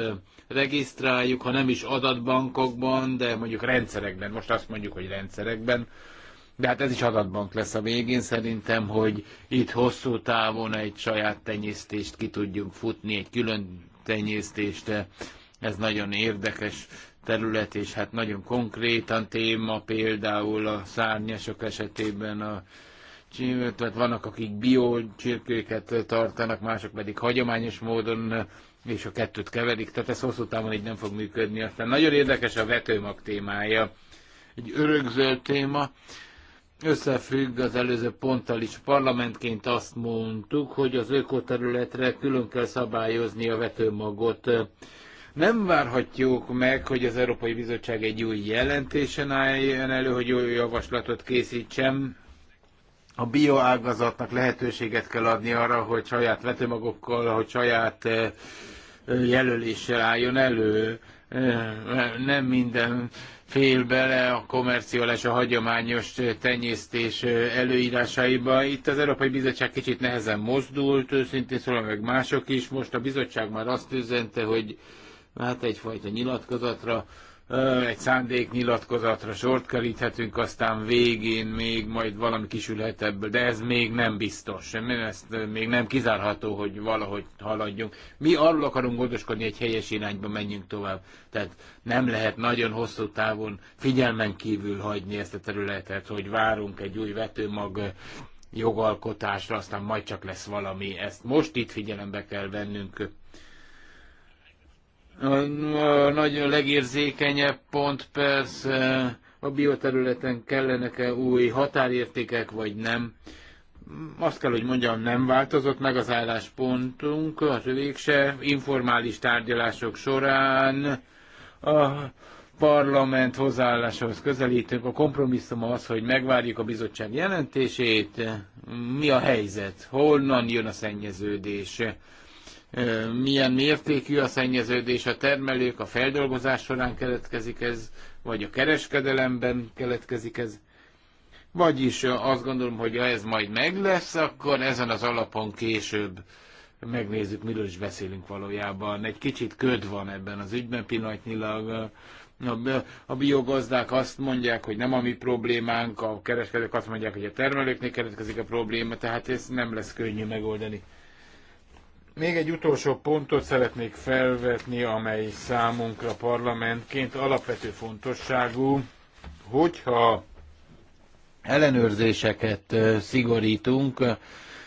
regisztráljuk, ha nem is adatbankokban, de mondjuk rendszerekben, most azt mondjuk, hogy rendszerekben, de hát ez is adatbank lesz a végén szerintem, hogy itt hosszú távon egy saját tenyésztést ki tudjunk futni, egy külön tenyésztést, ez nagyon érdekes terület, és hát nagyon konkrétan téma például a szárnyasok esetében a tehát vannak, akik biocsirkéket tartanak, mások pedig hagyományos módon, és a kettőt keverik, tehát ez hosszú távon így nem fog működni. Aztán nagyon érdekes a vetőmag témája, egy örökzöld téma, összefügg az előző ponttal is. Parlamentként azt mondtuk, hogy az ökoterületre külön kell szabályozni a vetőmagot, nem várhatjuk meg, hogy az Európai Bizottság egy új jelentésen álljon elő, hogy új javaslatot készítsen. A bioágazatnak lehetőséget kell adni arra, hogy saját vetőmagokkal, hogy saját eh, jelöléssel álljon elő. Eh, nem minden fél bele a komerciális, a hagyományos tenyésztés eh, előírásaiba. Itt az Európai Bizottság kicsit nehezen mozdult, őszintén szólva meg mások is. Most a bizottság már azt üzente, hogy hát egyfajta nyilatkozatra, egy szándéknyilatkozatra sort keríthetünk, aztán végén még majd valami kisülhet ebből, de ez még nem biztos, ezt még nem kizárható, hogy valahogy haladjunk. Mi arról akarunk gondoskodni, hogy egy helyes irányba menjünk tovább. Tehát nem lehet nagyon hosszú távon figyelmen kívül hagyni ezt a területet, hogy várunk egy új vetőmag jogalkotásra, aztán majd csak lesz valami. Ezt most itt figyelembe kell vennünk a nagyon legérzékenyebb pont persze a bioterületen kellenek-e új határértékek, vagy nem. Azt kell, hogy mondjam, nem változott meg az álláspontunk, az végse informális tárgyalások során a parlament hozzáálláshoz közelítünk. A kompromisszum az, hogy megvárjuk a bizottság jelentését, mi a helyzet, honnan jön a szennyeződés, milyen mértékű a szennyeződés, a termelők, a feldolgozás során keletkezik ez, vagy a kereskedelemben keletkezik ez. Vagyis azt gondolom, hogy ha ez majd meg lesz, akkor ezen az alapon később megnézzük, miről is beszélünk valójában. Egy kicsit köd van ebben az ügyben pillanatnyilag. A biogazdák azt mondják, hogy nem a mi problémánk, a kereskedők azt mondják, hogy a termelőknél keletkezik a probléma, tehát ez nem lesz könnyű megoldani. Még egy utolsó pontot szeretnék felvetni, amely számunkra parlamentként alapvető fontosságú, hogyha ellenőrzéseket szigorítunk,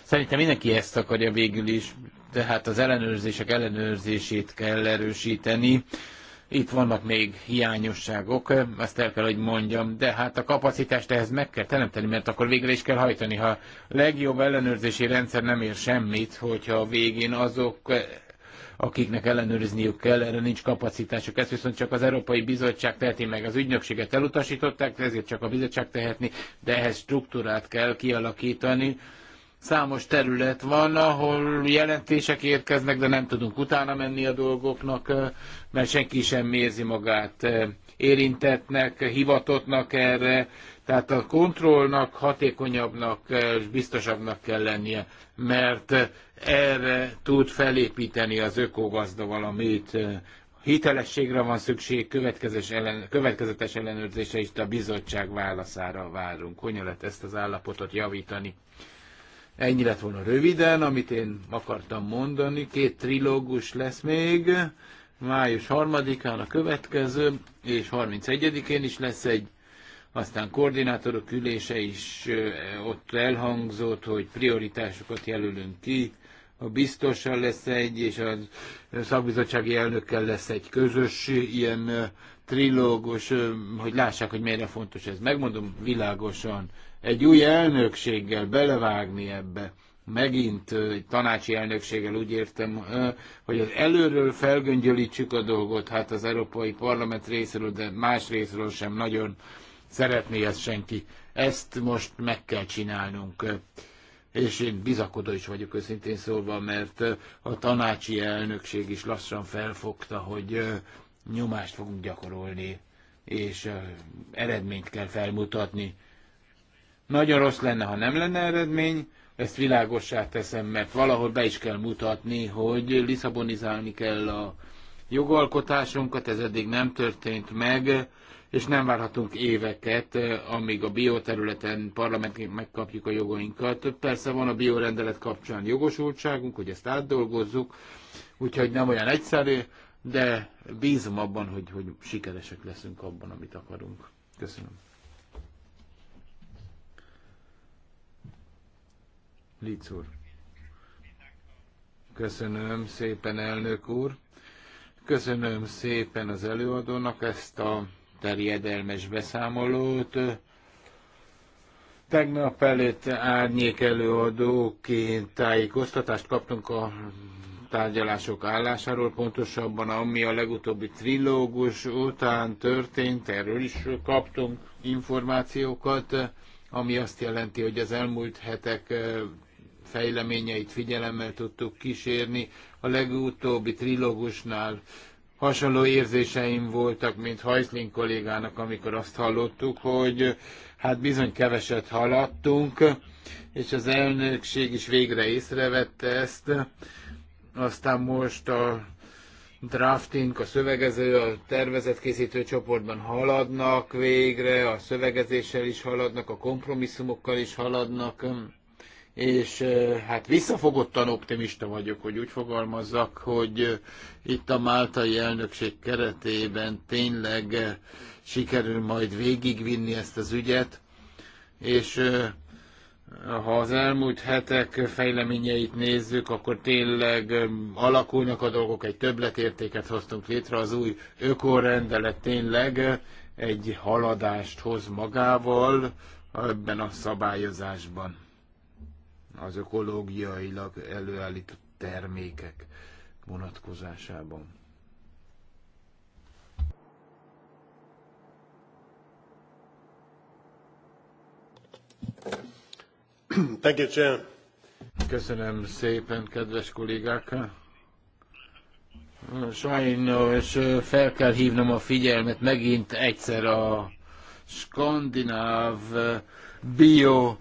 szerintem mindenki ezt akarja végül is, tehát az ellenőrzések ellenőrzését kell erősíteni, itt vannak még hiányosságok, azt el kell, hogy mondjam, de hát a kapacitást ehhez meg kell teremteni, mert akkor végre is kell hajtani. Ha a legjobb ellenőrzési rendszer nem ér semmit, hogyha a végén azok akiknek ellenőrizniük kell, erre nincs kapacitásuk. Ezt viszont csak az Európai Bizottság teheti meg. Az ügynökséget elutasították, ezért csak a bizottság tehetni, de ehhez struktúrát kell kialakítani, Számos terület van, ahol jelentések érkeznek, de nem tudunk utána menni a dolgoknak, mert senki sem mérzi magát érintetnek, hivatottnak erre, tehát a kontrollnak hatékonyabbnak és biztosabbnak kell lennie, mert erre tud felépíteni az ökogazda valamit. Hitelességre van szükség, következetes, ellen, következetes ellenőrzése is, a bizottság válaszára várunk. Hogyan lehet ezt az állapotot javítani? Ennyi lett volna röviden, amit én akartam mondani. Két trilógus lesz még, május 3-án a következő, és 31-én is lesz egy, aztán koordinátorok ülése is ott elhangzott, hogy prioritásokat jelölünk ki, a biztossal lesz egy, és a szakbizottsági elnökkel lesz egy közös ilyen trilógus, hogy lássák, hogy mennyire fontos ez. Megmondom világosan, egy új elnökséggel belevágni ebbe, megint egy tanácsi elnökséggel úgy értem, hogy az előről felgöngyölítsük a dolgot, hát az Európai Parlament részéről, de más részről sem nagyon szeretné ezt senki. Ezt most meg kell csinálnunk. És én bizakodó is vagyok őszintén szólva, mert a tanácsi elnökség is lassan felfogta, hogy nyomást fogunk gyakorolni, és eredményt kell felmutatni nagyon rossz lenne, ha nem lenne eredmény, ezt világossá teszem, mert valahol be is kell mutatni, hogy liszabonizálni kell a jogalkotásunkat, ez eddig nem történt meg, és nem várhatunk éveket, amíg a bioterületen parlamentként megkapjuk a jogainkat. Persze van a biorendelet kapcsán jogosultságunk, hogy ezt átdolgozzuk, úgyhogy nem olyan egyszerű, de bízom abban, hogy, hogy sikeresek leszünk abban, amit akarunk. Köszönöm. Litz úr. Köszönöm szépen, elnök úr. Köszönöm szépen az előadónak ezt a terjedelmes beszámolót. Tegnap előtt árnyék előadóként tájékoztatást kaptunk a tárgyalások állásáról, pontosabban ami a legutóbbi trilógus után történt, erről is kaptunk információkat, ami azt jelenti, hogy az elmúlt hetek fejleményeit figyelemmel tudtuk kísérni. A legutóbbi trilógusnál hasonló érzéseim voltak, mint Hajszlin kollégának, amikor azt hallottuk, hogy hát bizony keveset haladtunk, és az elnökség is végre észrevette ezt. Aztán most a drafting, a szövegező, a tervezetkészítő csoportban haladnak végre, a szövegezéssel is haladnak, a kompromisszumokkal is haladnak és hát visszafogottan optimista vagyok, hogy úgy fogalmazzak, hogy itt a máltai elnökség keretében tényleg sikerül majd végigvinni ezt az ügyet, és ha az elmúlt hetek fejleményeit nézzük, akkor tényleg alakulnak a dolgok, egy többletértéket hoztunk létre, az új ökorendelet tényleg egy haladást hoz magával ebben a szabályozásban az ökológiailag előállított termékek vonatkozásában. Thank you, Chair. Köszönöm szépen, kedves kollégák! Sajnos fel kell hívnom a figyelmet megint egyszer a skandináv bio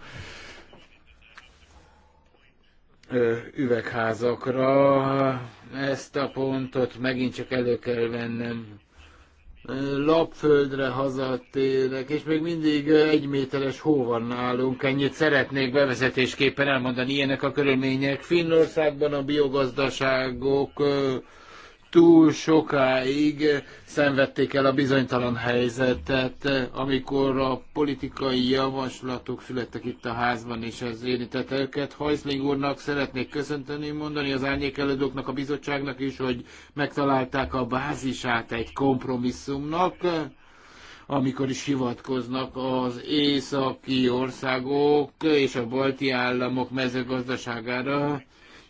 üvegházakra. Ezt a pontot megint csak elő kell vennem. Lapföldre hazatérek, és még mindig egy méteres hó van nálunk. Ennyit szeretnék bevezetésképpen elmondani ilyenek a körülmények. Finnországban a biogazdaságok túl sokáig szenvedték el a bizonytalan helyzetet, amikor a politikai javaslatok születtek itt a házban, és ez érintette őket. Hajszling úrnak szeretnék köszönteni, mondani az árnyékelődőknek, a bizottságnak is, hogy megtalálták a bázisát egy kompromisszumnak, amikor is hivatkoznak az északi országok és a balti államok mezőgazdaságára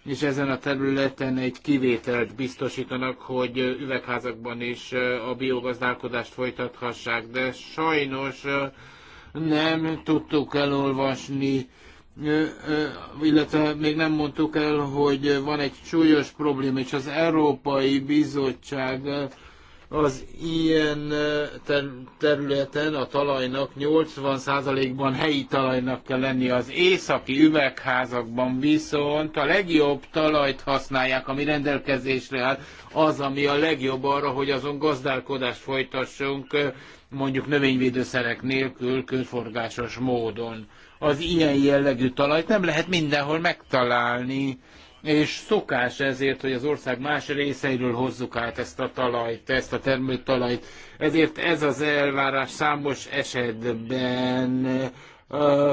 és ezen a területen egy kivételt biztosítanak, hogy üvegházakban is a biogazdálkodást folytathassák, de sajnos nem tudtuk elolvasni, illetve még nem mondtuk el, hogy van egy súlyos probléma, és az Európai Bizottság az ilyen területen a talajnak 80%-ban helyi talajnak kell lenni. Az északi üvegházakban viszont a legjobb talajt használják, ami rendelkezésre áll, az, ami a legjobb arra, hogy azon gazdálkodást folytassunk, mondjuk növényvédőszerek nélkül, körforgásos módon. Az ilyen jellegű talajt nem lehet mindenhol megtalálni és szokás ezért, hogy az ország más részeiről hozzuk át ezt a talajt, ezt a termőtalajt. Ezért ez az elvárás számos esetben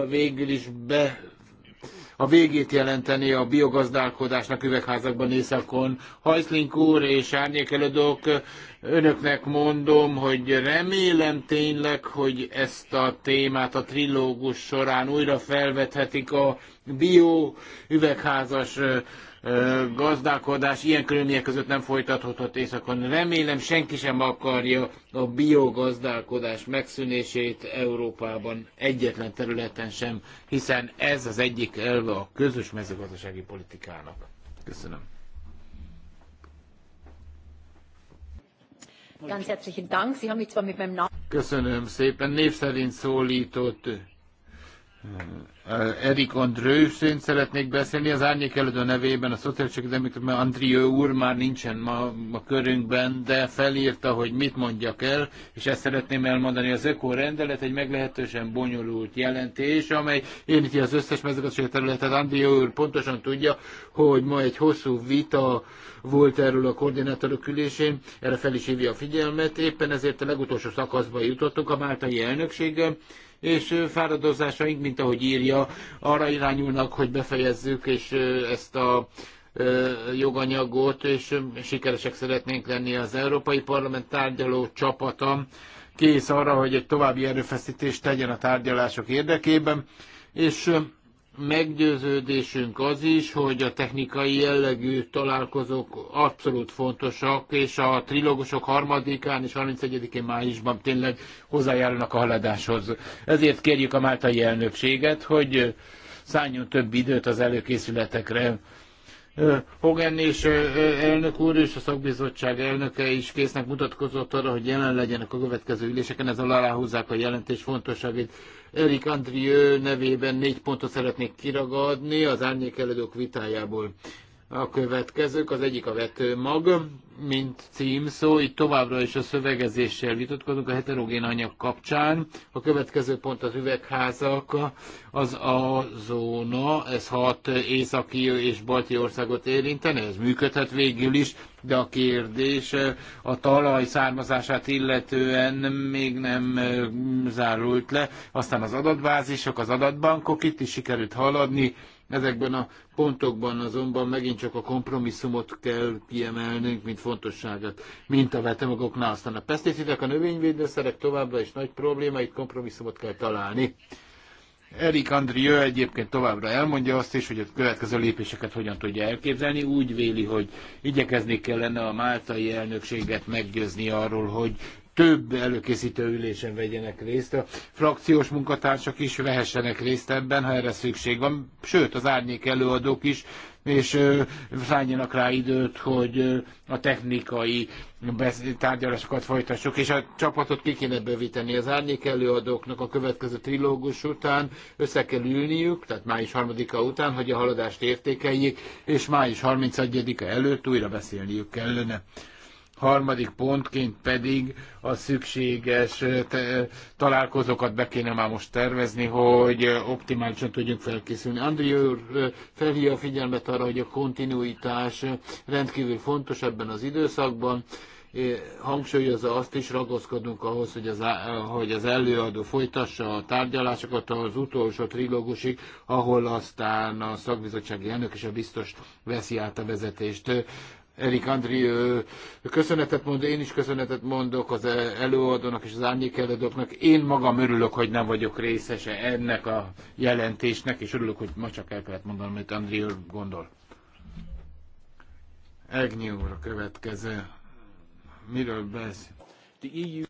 végül is be a végét jelenteni a biogazdálkodásnak üvegházakban északon. Hajszlink úr és árnyékelődők, önöknek mondom, hogy remélem tényleg, hogy ezt a témát a trilógus során újra felvethetik a bio üvegházas gazdálkodás ilyen körülmények között nem folytathatott északon. Remélem senki sem akarja a biogazdálkodás megszűnését Európában egyetlen területen sem, hiszen ez az egyik elve a közös mezőgazdasági politikának. Köszönöm. Köszönöm szépen, név szerint szólított. Uh, Erik Andrősén szeretnék beszélni, az árnyék a nevében, a szociális mert Andrió úr már nincsen ma a körünkben, de felírta, hogy mit mondjak el, és ezt szeretném elmondani. Az öko rendelet egy meglehetősen bonyolult jelentés, amely érinti az összes mezőgazdasági területet. Andrió úr pontosan tudja, hogy ma egy hosszú vita volt erről a koordinátorok ülésén, erre fel is hívja a figyelmet, éppen ezért a legutolsó szakaszba jutottunk a máltai elnökséggel, és fáradozásaink, mint ahogy írja, módja arra irányulnak, hogy befejezzük és ezt a joganyagot, és sikeresek szeretnénk lenni az Európai Parlament tárgyaló csapata kész arra, hogy egy további erőfeszítést tegyen a tárgyalások érdekében, és Meggyőződésünk az is, hogy a technikai jellegű találkozók abszolút fontosak, és a trilógusok harmadikán és 31. májusban tényleg hozzájárulnak a haladáshoz. Ezért kérjük a máltai elnökséget, hogy szálljon több időt az előkészületekre. Hogan és elnök úr és a szakbizottság elnöke is késznek mutatkozott arra, hogy jelen legyenek a következő üléseken, ezzel aláhúzzák a jelentés fontosságét. Erik Andrieu nevében négy pontot szeretnék kiragadni az árnyékelődők vitájából. A következők, az egyik a vetőmag, mint címszó, itt továbbra is a szövegezéssel vitatkozunk a heterogén anyag kapcsán. A következő pont az üvegházak, az a zóna, ez hat északi és balti országot érinteni, ez működhet végül is, de a kérdés a talaj származását illetően még nem zárult le. Aztán az adatbázisok, az adatbankok, itt is sikerült haladni, Ezekben a pontokban azonban megint csak a kompromisszumot kell kiemelnünk, mint fontosságát, mint a vetemagoknál. Aztán a peszticidek, a növényvédőszerek továbbra is nagy probléma, itt kompromisszumot kell találni. Erik Andrió egyébként továbbra elmondja azt is, hogy a következő lépéseket hogyan tudja elképzelni. Úgy véli, hogy igyekezni kellene a máltai elnökséget meggyőzni arról, hogy több előkészítő ülésen vegyenek részt, a frakciós munkatársak is vehessenek részt ebben, ha erre szükség van, sőt az árnyék előadók is, és szálljanak rá időt, hogy a technikai tárgyalásokat folytassuk, és a csapatot ki kéne bővíteni. Az árnyék előadóknak a következő trilógus után össze kell ülniük, tehát május 3-a után, hogy a haladást értékeljék, és május 31-a előtt újra beszélniük kellene harmadik pontként pedig a szükséges találkozókat be kéne már most tervezni, hogy optimálisan tudjunk felkészülni. Andrió úr felhívja a figyelmet arra, hogy a kontinuitás rendkívül fontos ebben az időszakban, hangsúlyozza azt is, ragaszkodunk ahhoz, hogy az, hogy az előadó folytassa a tárgyalásokat az utolsó trilógusig, ahol aztán a szakbizottsági elnök és a biztos veszi át a vezetést. Erik Andrió köszönetet mond, én is köszönetet mondok az e- előadónak és az árnyék előadóknak. Én magam örülök, hogy nem vagyok részese ennek a jelentésnek, és örülök, hogy ma csak el kellett mondanom, amit Andrió gondol. Egnyi úr a következő. Miről beszél? E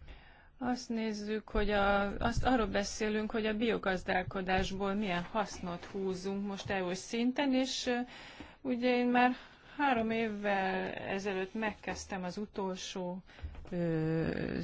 azt nézzük, hogy a, azt arról beszélünk, hogy a biogazdálkodásból milyen hasznot húzunk most EU szinten, és ugye én már Három évvel ezelőtt megkezdtem az utolsó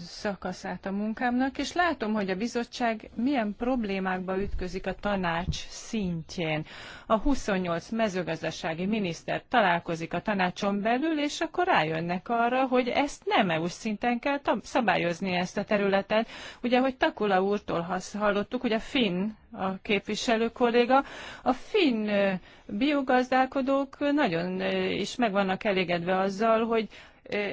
szakaszát a munkámnak, és látom, hogy a bizottság milyen problémákba ütközik a tanács szintjén. A 28 mezőgazdasági miniszter találkozik a tanácson belül, és akkor rájönnek arra, hogy ezt nem EU szinten kell szabályozni ezt a területet. Ugye, hogy Takula úrtól hallottuk, hogy a finn a képviselő kolléga. A finn biogazdálkodók nagyon is meg vannak elégedve azzal, hogy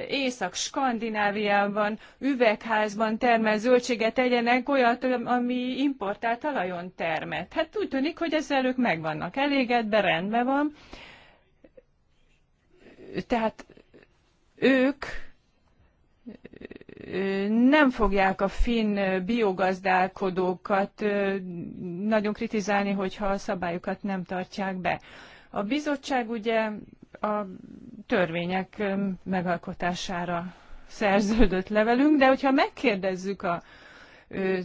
Észak-Skandináviában üvegházban termel zöldséget tegyenek olyat, ami importált talajon termet. Hát úgy tűnik, hogy ezzel ők meg vannak elégedve, rendben van. Tehát ők nem fogják a finn biogazdálkodókat nagyon kritizálni, hogyha a szabályokat nem tartják be. A bizottság ugye a törvények megalkotására szerződött levelünk, de hogyha megkérdezzük a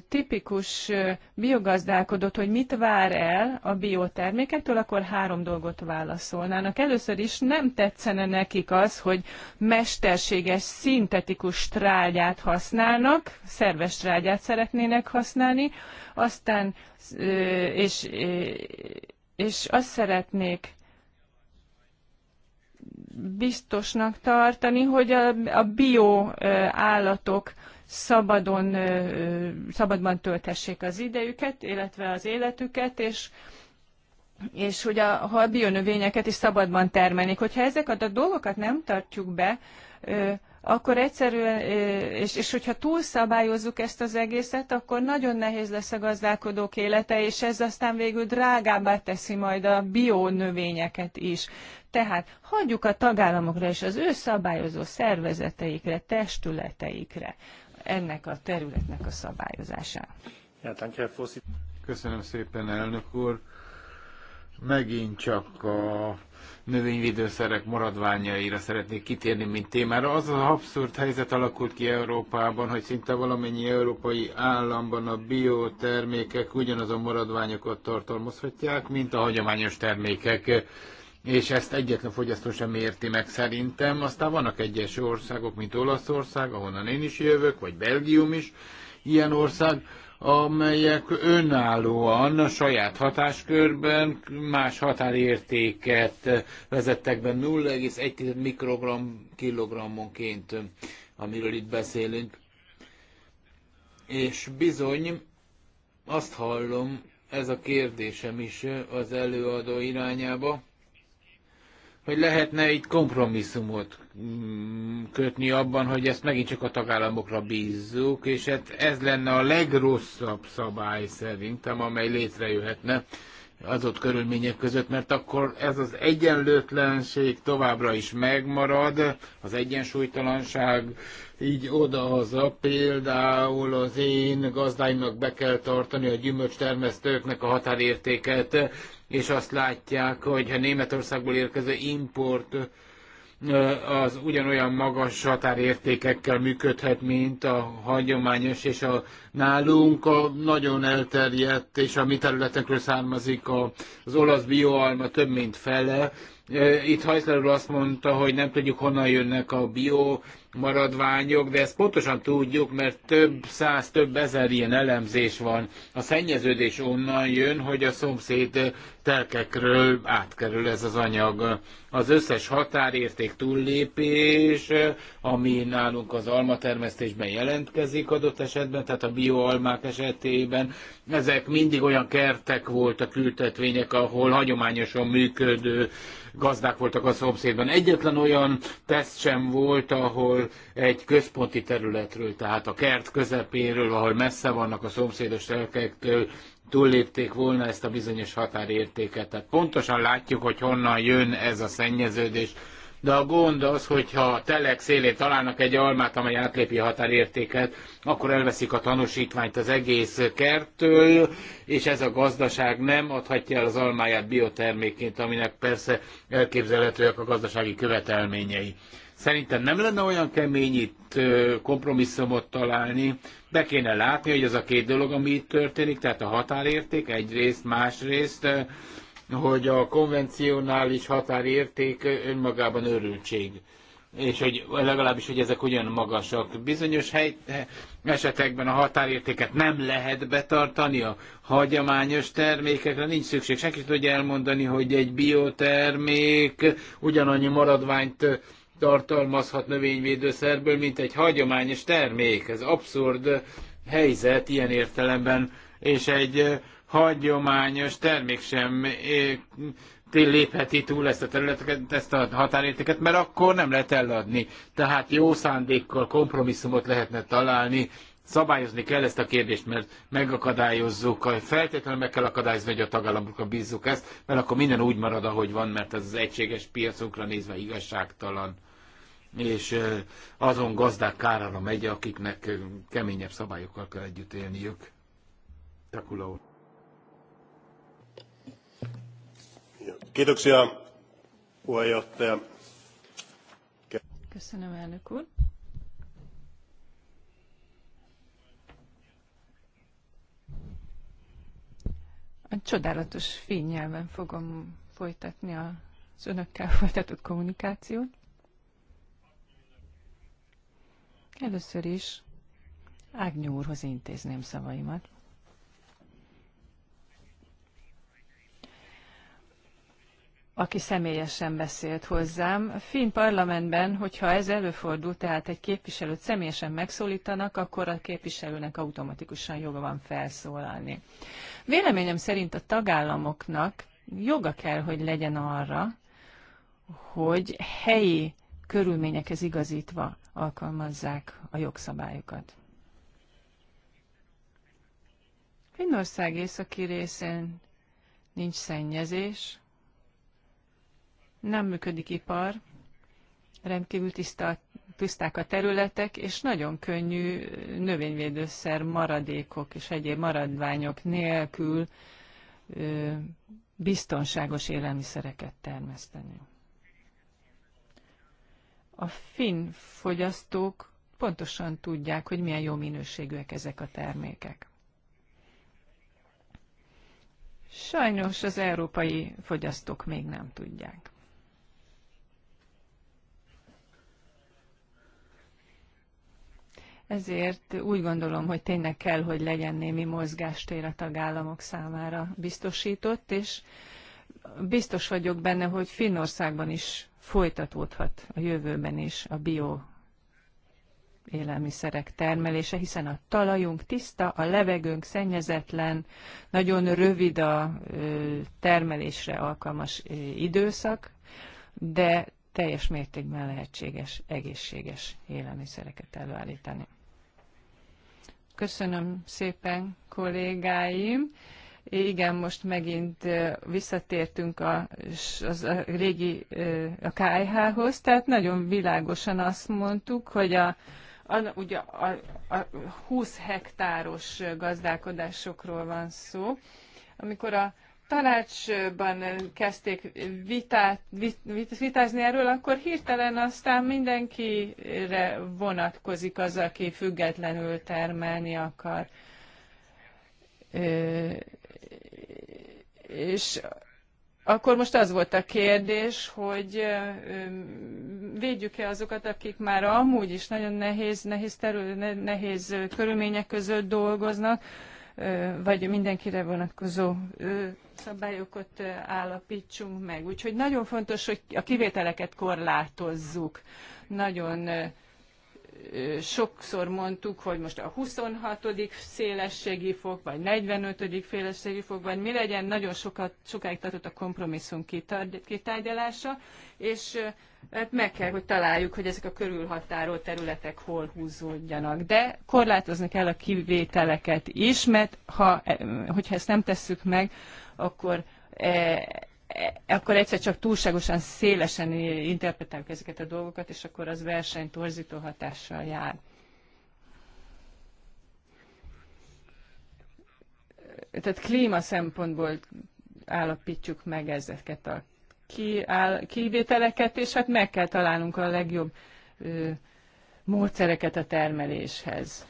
tipikus biogazdálkodót, hogy mit vár el a biotermékektől, akkor három dolgot válaszolnának. Először is nem tetszene nekik az, hogy mesterséges, szintetikus trágyát használnak, szerves trágyát szeretnének használni, aztán és, és azt szeretnék, biztosnak tartani, hogy a, a bio állatok szabadon, szabadban töltessék az idejüket, illetve az életüket, és és hogy a, ha a bionövényeket is szabadban termelik. Hogyha ezeket a dolgokat nem tartjuk be, akkor egyszerűen, és, és hogyha túlszabályozzuk ezt az egészet, akkor nagyon nehéz lesz a gazdálkodók élete, és ez aztán végül drágábbá teszi majd a bionövényeket is. Tehát hagyjuk a tagállamokra és az ő szabályozó szervezeteikre, testületeikre ennek a területnek a szabályozását. Köszönöm szépen, elnök úr. Megint csak a növényvédőszerek maradványaira szeretnék kitérni, mint témára. Az az abszurd helyzet alakult ki Európában, hogy szinte valamennyi európai államban a biotermékek ugyanazon maradványokat tartalmazhatják, mint a hagyományos termékek és ezt egyetlen fogyasztó sem érti meg szerintem. Aztán vannak egyes országok, mint Olaszország, ahonnan én is jövök, vagy Belgium is, ilyen ország, amelyek önállóan a saját hatáskörben más határértéket vezettek be 0,1 mikrogram kilogrammonként, amiről itt beszélünk. És bizony, azt hallom, ez a kérdésem is az előadó irányába, hogy lehetne itt kompromisszumot mm, kötni abban, hogy ezt megint csak a tagállamokra bízzuk, és hát ez lenne a legrosszabb szabály szerintem, amely létrejöhetne az ott körülmények között, mert akkor ez az egyenlőtlenség továbbra is megmarad, az egyensúlytalanság így oda a Például az én gazdáimnak be kell tartani a gyümölcstermesztőknek a határértéket, és azt látják, hogy a Németországból érkező import az ugyanolyan magas határértékekkel működhet, mint a hagyományos, és a nálunk a nagyon elterjedt, és a mi területekről származik a, az olasz bioalma több mint fele. Itt Hajszlerről azt mondta, hogy nem tudjuk honnan jönnek a bio maradványok, de ezt pontosan tudjuk, mert több száz, több ezer ilyen elemzés van. A szennyeződés onnan jön, hogy a szomszéd telkekről átkerül ez az anyag. Az összes határérték túllépés, ami nálunk az almatermesztésben jelentkezik adott esetben, tehát a bioalmák esetében, ezek mindig olyan kertek voltak, ültetvények, ahol hagyományosan működő gazdák voltak a szomszédban. Egyetlen olyan teszt sem volt, ahol egy központi területről, tehát a kert közepéről, ahol messze vannak a szomszédos telkektől, túllépték volna ezt a bizonyos határértéket. Tehát pontosan látjuk, hogy honnan jön ez a szennyeződés, de a gond az, hogyha a telek szélén találnak egy almát, amely átlépi a határértéket, akkor elveszik a tanúsítványt az egész kerttől, és ez a gazdaság nem adhatja el az almáját biotermékként, aminek persze elképzelhetőek a gazdasági követelményei. Szerintem nem lenne olyan kemény itt kompromisszumot találni, be kéne látni, hogy ez a két dolog, ami itt történik, tehát a határérték egyrészt, másrészt hogy a konvencionális határérték önmagában örültség és hogy legalábbis, hogy ezek ugyan magasak. Bizonyos hely, esetekben a határértéket nem lehet betartani, a hagyományos termékekre nincs szükség. Senki sem tudja elmondani, hogy egy biotermék ugyanannyi maradványt tartalmazhat növényvédőszerből, mint egy hagyományos termék. Ez abszurd helyzet ilyen értelemben, és egy hagyományos termék sem eh, lépheti túl ezt a területeket, ezt a határértéket, mert akkor nem lehet eladni. Tehát jó szándékkal kompromisszumot lehetne találni, szabályozni kell ezt a kérdést, mert megakadályozzuk, feltétlenül meg kell akadályozni, hogy a tagállamokra bízzuk ezt, mert akkor minden úgy marad, ahogy van, mert ez az egységes piacunkra nézve igazságtalan és eh, azon gazdák kárára megy, akiknek eh, keményebb szabályokkal kell együtt élniük. Takula úr. Kiitoksia, puheenjohtaja. Köszönöm, elnök úr. A csodálatos fénynyelven fogom folytatni az önökkel folytatott kommunikációt. Először is Ágnyó úrhoz intézném szavaimat. aki személyesen beszélt hozzám. Finn parlamentben, hogyha ez előfordul, tehát egy képviselőt személyesen megszólítanak, akkor a képviselőnek automatikusan joga van felszólalni. Véleményem szerint a tagállamoknak joga kell, hogy legyen arra, hogy helyi körülményekhez igazítva alkalmazzák a jogszabályokat. Finnország északi részén nincs szennyezés, nem működik ipar, rendkívül tiszta, tiszták a területek, és nagyon könnyű növényvédőszer maradékok és egyéb maradványok nélkül ö, biztonságos élelmiszereket termeszteni. A finn fogyasztók pontosan tudják, hogy milyen jó minőségűek ezek a termékek. Sajnos az európai fogyasztók még nem tudják. Ezért úgy gondolom, hogy tényleg kell, hogy legyen némi mozgástér a tagállamok számára biztosított, és biztos vagyok benne, hogy Finnországban is folytatódhat a jövőben is a bio élelmiszerek termelése, hiszen a talajunk tiszta, a levegőnk szennyezetlen, nagyon rövid a termelésre alkalmas időszak, de teljes mértékben lehetséges egészséges élelmiszereket előállítani. Köszönöm szépen kollégáim. Igen, most megint visszatértünk a, az a régi a KH-hoz, tehát nagyon világosan azt mondtuk, hogy a, a, ugye a, a 20 hektáros gazdálkodásokról van szó. Amikor a tanácsban kezdték vitát, vit, vitázni erről, akkor hirtelen aztán mindenkire vonatkozik az, aki függetlenül termelni akar. És akkor most az volt a kérdés, hogy védjük-e azokat, akik már amúgy is nagyon nehéz, nehéz, terül, nehéz körülmények között dolgoznak, vagy mindenkire vonatkozó szabályokat állapítsunk meg. Úgyhogy nagyon fontos, hogy a kivételeket korlátozzuk. Nagyon sokszor mondtuk, hogy most a 26. szélességi fok, vagy 45. szélességi fok, vagy mi legyen, nagyon sokat, sokáig tartott a kompromisszum kitárgyalása, és hát meg kell, hogy találjuk, hogy ezek a körülhatárol területek hol húzódjanak. De korlátozni kell a kivételeket is, mert ha, e, hogyha ezt nem tesszük meg, akkor e, akkor egyszer csak túlságosan szélesen interpretáljuk ezeket a dolgokat, és akkor az versenytorzító hatással jár. Tehát klíma szempontból állapítjuk meg ezeket a kivételeket, és hát meg kell találnunk a legjobb módszereket a termeléshez.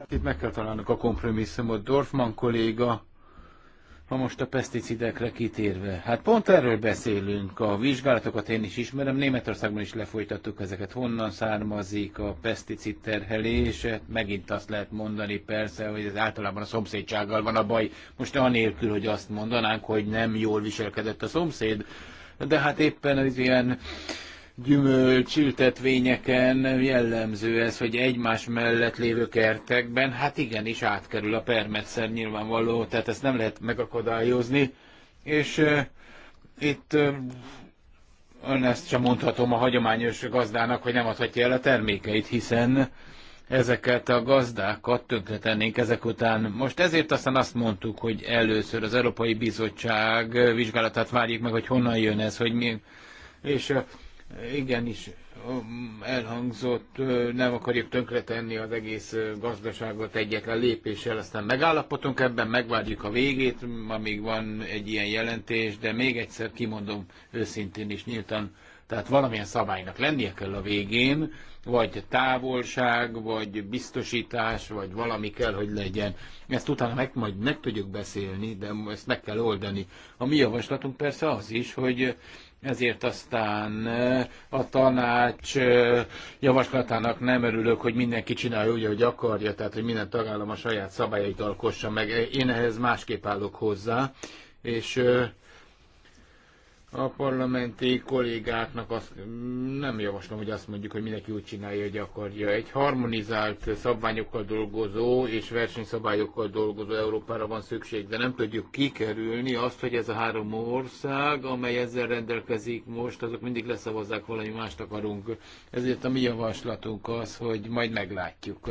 Hát itt meg kell találnunk a kompromisszumot. Dorfman kolléga, ha most a peszticidekre kitérve, hát pont erről beszélünk, a vizsgálatokat én is ismerem, Németországban is lefolytattuk ezeket, honnan származik a peszticid terhelés, hát megint azt lehet mondani persze, hogy ez általában a szomszédsággal van a baj, most anélkül, hogy azt mondanánk, hogy nem jól viselkedett a szomszéd, de hát éppen az ilyen gyümölcsültetvényeken jellemző ez, hogy egymás mellett lévő kertekben, hát igenis átkerül a permetszer nyilvánvaló, tehát ezt nem lehet megakadályozni, és uh, itt uh, ön ezt sem mondhatom a hagyományos gazdának, hogy nem adhatja el a termékeit, hiszen ezeket a gazdákat tönkretennénk ezek után. Most ezért aztán azt mondtuk, hogy először az Európai Bizottság vizsgálatát várjuk meg, hogy honnan jön ez, hogy mi... És uh, igenis elhangzott, nem akarjuk tönkretenni az egész gazdaságot egyetlen lépéssel, aztán megállapodunk ebben, megvárjuk a végét, amíg van egy ilyen jelentés, de még egyszer kimondom őszintén is nyíltan, tehát valamilyen szabálynak lennie kell a végén, vagy távolság, vagy biztosítás, vagy valami kell, hogy legyen. Ezt utána meg, majd meg tudjuk beszélni, de ezt meg kell oldani. A mi javaslatunk persze az is, hogy ezért aztán eh, a tanács eh, javaslatának nem örülök, hogy mindenki csinálja úgy, ahogy akarja, tehát hogy minden tagállam a saját szabályait alkossa meg. Én ehhez másképp állok hozzá, és eh, a parlamenti kollégáknak azt nem javaslom, hogy azt mondjuk, hogy mindenki úgy csinálja, hogy akarja. Egy harmonizált szabványokkal dolgozó és versenyszabályokkal dolgozó Európára van szükség, de nem tudjuk kikerülni azt, hogy ez a három ország, amely ezzel rendelkezik most, azok mindig leszavazzák valami mást akarunk. Ezért a mi javaslatunk az, hogy majd meglátjuk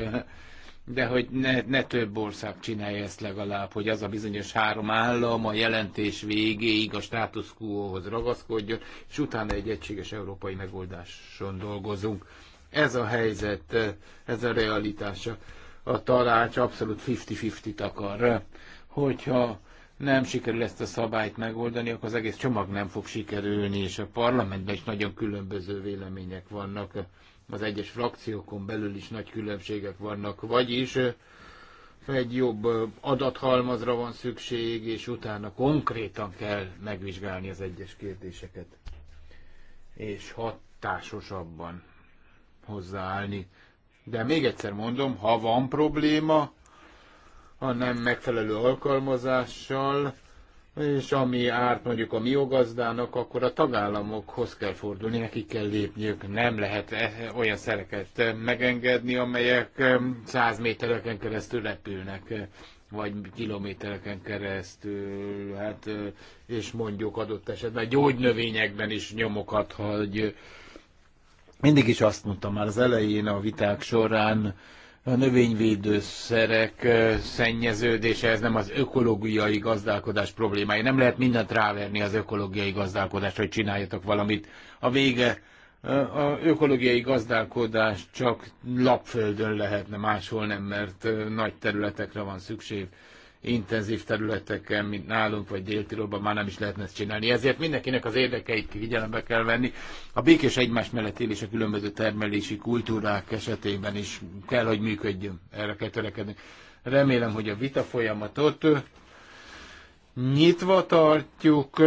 de hogy ne, ne több ország csinálja ezt legalább, hogy az a bizonyos három állam a jelentés végéig a status quo-hoz ragaszkodjon, és utána egy egységes európai megoldáson dolgozunk. Ez a helyzet, ez a realitása. A tanács abszolút 50-50-t akar. Hogyha nem sikerül ezt a szabályt megoldani, akkor az egész csomag nem fog sikerülni, és a parlamentben is nagyon különböző vélemények vannak az egyes frakciókon belül is nagy különbségek vannak, vagyis egy jobb adathalmazra van szükség, és utána konkrétan kell megvizsgálni az egyes kérdéseket, és hatásosabban hozzáállni. De még egyszer mondom, ha van probléma, a nem megfelelő alkalmazással, és ami árt mondjuk a miogazdának, akkor a tagállamokhoz kell fordulni, nekik kell lépniük. Nem lehet e, olyan szereket megengedni, amelyek száz métereken keresztül repülnek, vagy kilométereken keresztül, hát, és mondjuk adott esetben gyógynövényekben is nyomokat hagy. Mindig is azt mondtam már az elején a viták során, a növényvédőszerek szennyeződése, ez nem az ökológiai gazdálkodás problémája. Nem lehet mindent ráverni az ökológiai gazdálkodásra, hogy csináljatok valamit. A vége, a ökológiai gazdálkodás csak lapföldön lehetne, máshol nem, mert nagy területekre van szükség intenzív területeken, mint nálunk, vagy dél már nem is lehetne ezt csinálni. Ezért mindenkinek az érdekeit figyelembe kell venni. A békés egymás mellett élés a különböző termelési kultúrák esetében is kell, hogy működjön. Erre kell törekedni. Remélem, hogy a vita folyamatot nyitva tartjuk,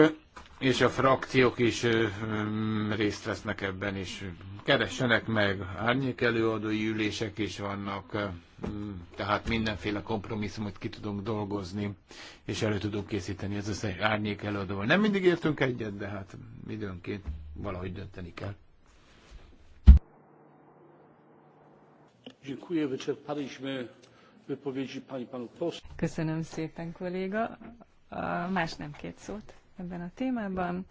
és a frakciók is részt vesznek ebben, és keressenek meg, árnyék előadói ülések is vannak tehát mindenféle kompromisszumot ki tudunk dolgozni, és elő tudunk készíteni ez az árnyék előadóval. Nem mindig értünk egyet, de hát időnként valahogy dönteni kell. Köszönöm szépen, kolléga. Más nem két szót ebben a témában.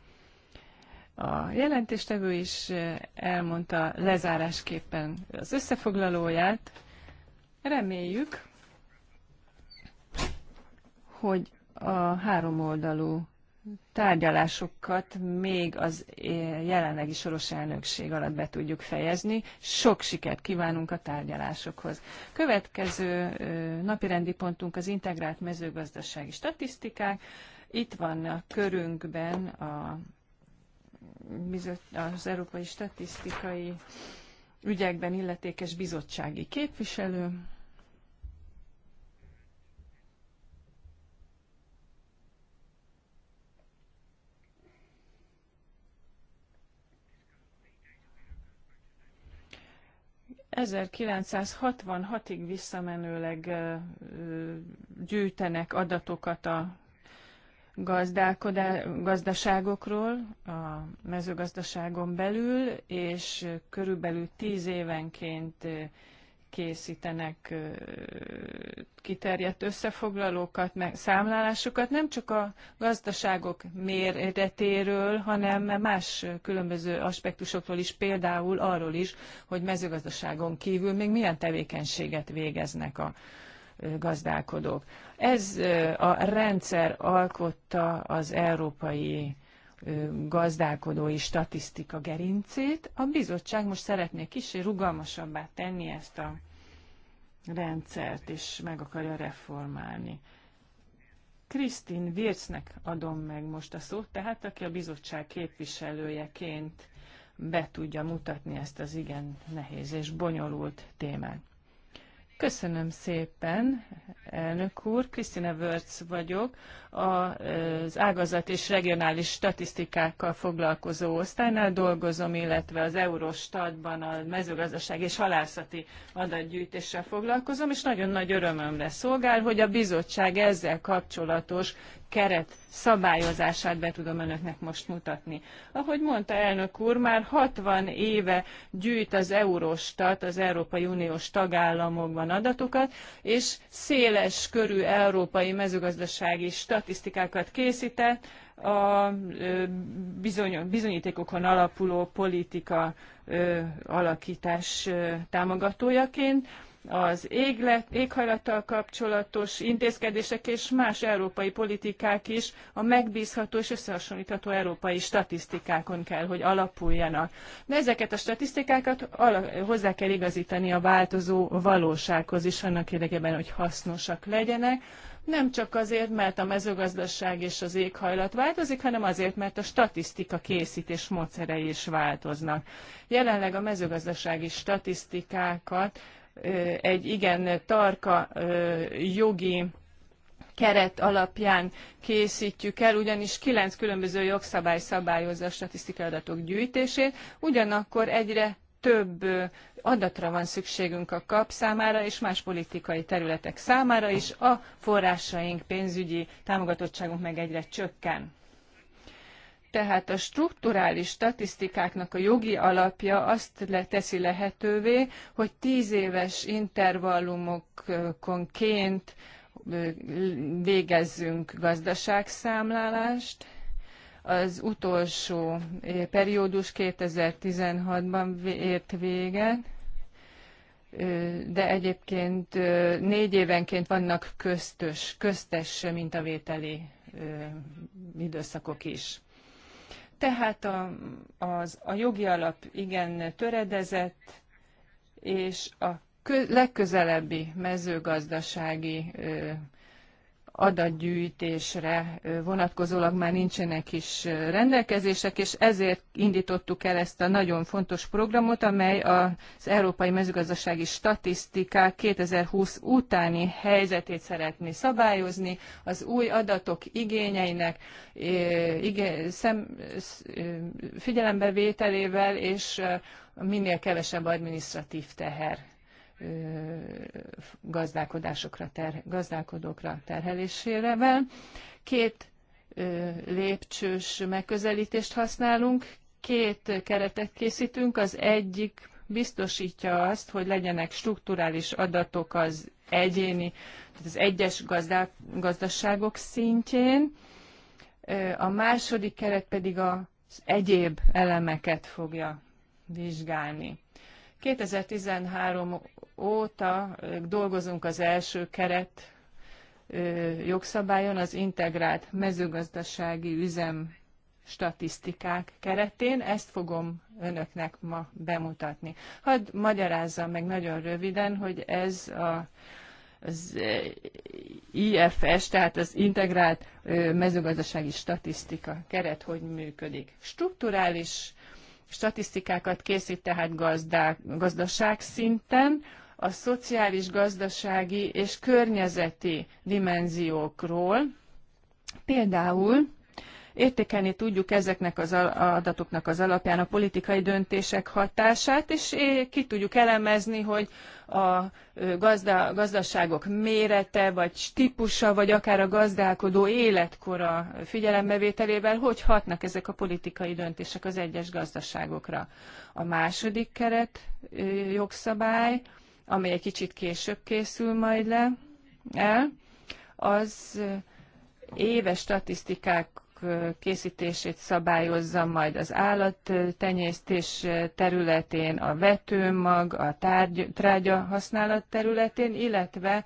A jelentéstevő is elmondta lezárásképpen az összefoglalóját. Reméljük, hogy a háromoldalú tárgyalásokat még az eh, jelenlegi soros elnökség alatt be tudjuk fejezni. Sok sikert kívánunk a tárgyalásokhoz. Következő eh, napirendi pontunk az integrált mezőgazdasági statisztikák. Itt van a körünkben a, az Európai Statisztikai ügyekben illetékes bizottsági képviselő. ...1966-ig visszamenőleg gyűjtenek adatokat a gazdaságokról a mezőgazdaságon belül, és körülbelül tíz évenként készítenek kiterjedt összefoglalókat, meg számlálásokat, nem csak a gazdaságok méretéről, hanem más különböző aspektusokról is, például arról is, hogy mezőgazdaságon kívül még milyen tevékenységet végeznek a gazdálkodók. Ez a rendszer alkotta az európai gazdálkodói statisztika gerincét. A bizottság most szeretné kicsi rugalmasabbá tenni ezt a rendszert, és meg akarja reformálni. Krisztin Vircnek adom meg most a szót, tehát aki a bizottság képviselőjeként be tudja mutatni ezt az igen nehéz és bonyolult témát. Köszönöm szépen, elnök úr. Krisztina Wörz vagyok, az ágazat és regionális statisztikákkal foglalkozó osztálynál dolgozom, illetve az Eurostatban a mezőgazdaság és halászati adatgyűjtéssel foglalkozom, és nagyon nagy örömömre szolgál, hogy a bizottság ezzel kapcsolatos keret szabályozását be tudom önöknek most mutatni. Ahogy mondta elnök úr, már 60 éve gyűjt az Eurostat, az Európai Uniós tagállamokban adatokat, és széles körű európai mezőgazdasági statisztikákat készített, a bizonyítékokon alapuló politika alakítás támogatójaként az églet, éghajlattal kapcsolatos intézkedések és más európai politikák is a megbízható és összehasonlítható európai statisztikákon kell, hogy alapuljanak. De ezeket a statisztikákat hozzá kell igazítani a változó valósághoz is, annak érdekében, hogy hasznosak legyenek, nem csak azért, mert a mezőgazdaság és az éghajlat változik, hanem azért, mert a statisztika készítés módszerei is változnak. Jelenleg a mezőgazdasági statisztikákat egy igen tarka jogi keret alapján készítjük el, ugyanis kilenc különböző jogszabály szabályozza a statisztikai adatok gyűjtését, ugyanakkor egyre több adatra van szükségünk a kap számára és más politikai területek számára is, a forrásaink, pénzügyi támogatottságunk meg egyre csökken. Tehát a strukturális statisztikáknak a jogi alapja azt le teszi lehetővé, hogy tíz éves intervallumokonként végezzünk gazdaságszámlálást. Az utolsó periódus 2016-ban ért véget de egyébként négy évenként vannak köztös, köztes mintavételi időszakok is. Tehát a, az, a jogi alap igen töredezett, és a kö, legközelebbi mezőgazdasági ö, adatgyűjtésre vonatkozólag már nincsenek is rendelkezések, és ezért indítottuk el ezt a nagyon fontos programot, amely az Európai Mezőgazdasági Statisztikák 2020 utáni helyzetét szeretné szabályozni, az új adatok igényeinek figyelembevételével és minél kevesebb adminisztratív teher gazdálkodásokra ter, gazdálkodókra terhelésével. Két lépcsős megközelítést használunk, két keretet készítünk, az egyik biztosítja azt, hogy legyenek strukturális adatok az egyéni, tehát az egyes gazdá, gazdaságok szintjén, a második keret pedig az egyéb elemeket fogja vizsgálni. 2013 óta dolgozunk az első keret jogszabályon, az integrált mezőgazdasági üzem statisztikák keretén. Ezt fogom önöknek ma bemutatni. Hadd magyarázzam meg nagyon röviden, hogy ez a, az IFS, tehát az integrált mezőgazdasági statisztika keret, hogy működik. Strukturális statisztikákat készít tehát gazdá, gazdaság szinten, a szociális, gazdasági és környezeti dimenziókról. Például értékelni tudjuk ezeknek az adatoknak az alapján a politikai döntések hatását, és ki tudjuk elemezni, hogy a gazda, gazdaságok mérete, vagy típusa, vagy akár a gazdálkodó életkora figyelembevételével, hogy hatnak ezek a politikai döntések az egyes gazdaságokra. A második keret jogszabály ami egy kicsit később készül majd le el, az éves statisztikák készítését szabályozza majd az állattenyésztés területén, a vetőmag, a tárgy, trágya használat területén, illetve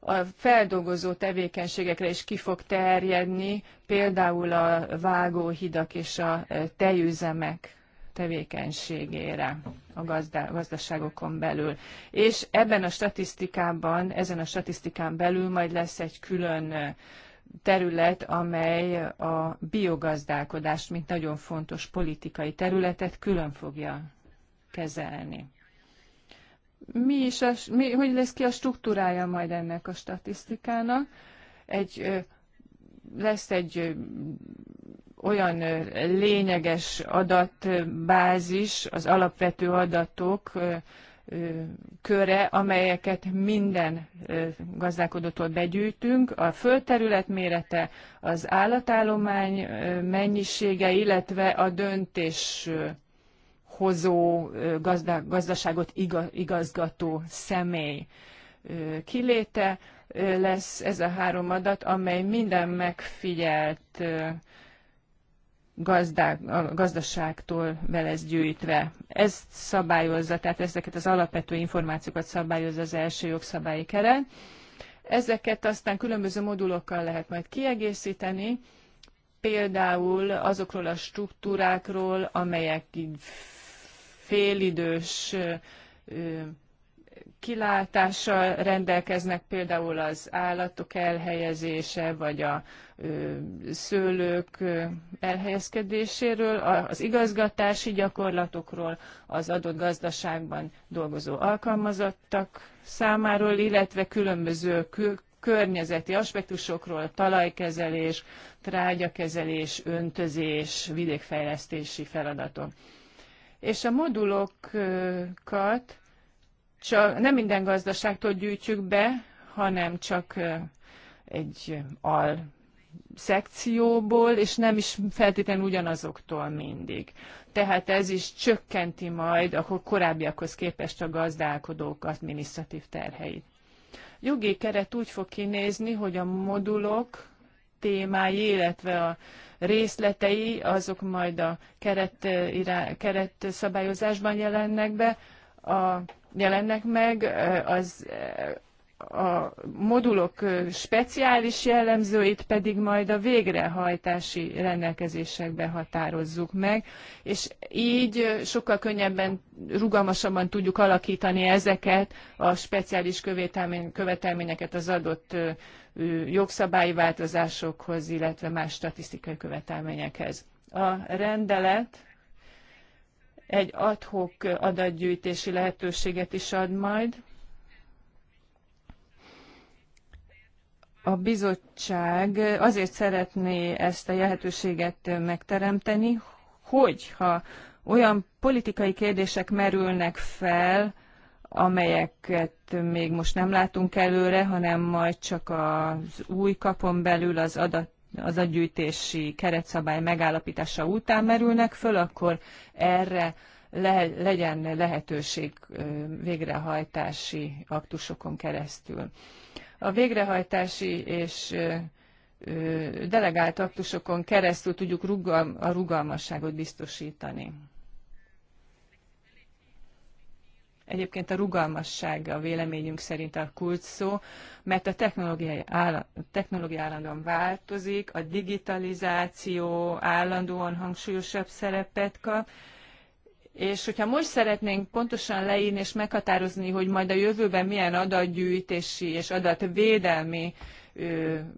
a feldolgozó tevékenységekre is ki fog terjedni, például a vágóhidak és a tejüzemek tevékenységére a gazdaságokon belül. És ebben a statisztikában, ezen a statisztikán belül majd lesz egy külön terület, amely a biogazdálkodást, mint nagyon fontos politikai területet külön fogja kezelni. Mi is a, mi, hogy lesz ki a struktúrája majd ennek a statisztikának? Egy, lesz egy olyan lényeges adatbázis, az alapvető adatok köre, amelyeket minden gazdálkodótól begyűjtünk, a földterület mérete, az állatállomány mennyisége, illetve a döntés hozó gazdaságot igazgató személy kiléte lesz ez a három adat, amely minden megfigyelt gazdák, a gazdaságtól velez gyűjtve. Ezt szabályozza, tehát ezeket az alapvető információkat szabályozza az első jogszabályi keret. Ezeket aztán különböző modulokkal lehet majd kiegészíteni, például azokról a struktúrákról, amelyek így félidős kilátással rendelkeznek, például az állatok elhelyezése, vagy a szőlők elhelyezkedéséről, az igazgatási gyakorlatokról, az adott gazdaságban dolgozó alkalmazottak számáról, illetve különböző kül környezeti aspektusokról, talajkezelés, trágyakezelés, öntözés, vidékfejlesztési feladatok. És a modulokat csak nem minden gazdaságtól gyűjtjük be, hanem csak egy al szekcióból, és nem is feltétlenül ugyanazoktól mindig. Tehát ez is csökkenti majd a korábbiakhoz képest a gazdálkodók adminisztratív terheit. Jogi keret úgy fog kinézni, hogy a modulok témái, illetve a részletei, azok majd a keret, irá, keret szabályozásban jelennek be. A jelennek meg, az a modulok speciális jellemzőit pedig majd a végrehajtási rendelkezésekbe határozzuk meg, és így sokkal könnyebben, rugalmasabban tudjuk alakítani ezeket a speciális követelményeket az adott jogszabályi változásokhoz, illetve más statisztikai követelményekhez. A rendelet egy adhok adatgyűjtési lehetőséget is ad majd. A bizottság azért szeretné ezt a lehetőséget megteremteni, hogyha olyan politikai kérdések merülnek fel, amelyeket még most nem látunk előre, hanem majd csak az új kapon belül az adat az agyűjtési keretszabály megállapítása után merülnek föl, akkor erre le, legyen lehetőség végrehajtási aktusokon keresztül. A végrehajtási és delegált aktusokon keresztül tudjuk a rugalmasságot biztosítani. Egyébként a rugalmasság a véleményünk szerint a kult szó, mert a technológia, állandóan változik, a digitalizáció állandóan hangsúlyosabb szerepet kap, és hogyha most szeretnénk pontosan leírni és meghatározni, hogy majd a jövőben milyen adatgyűjtési és adatvédelmi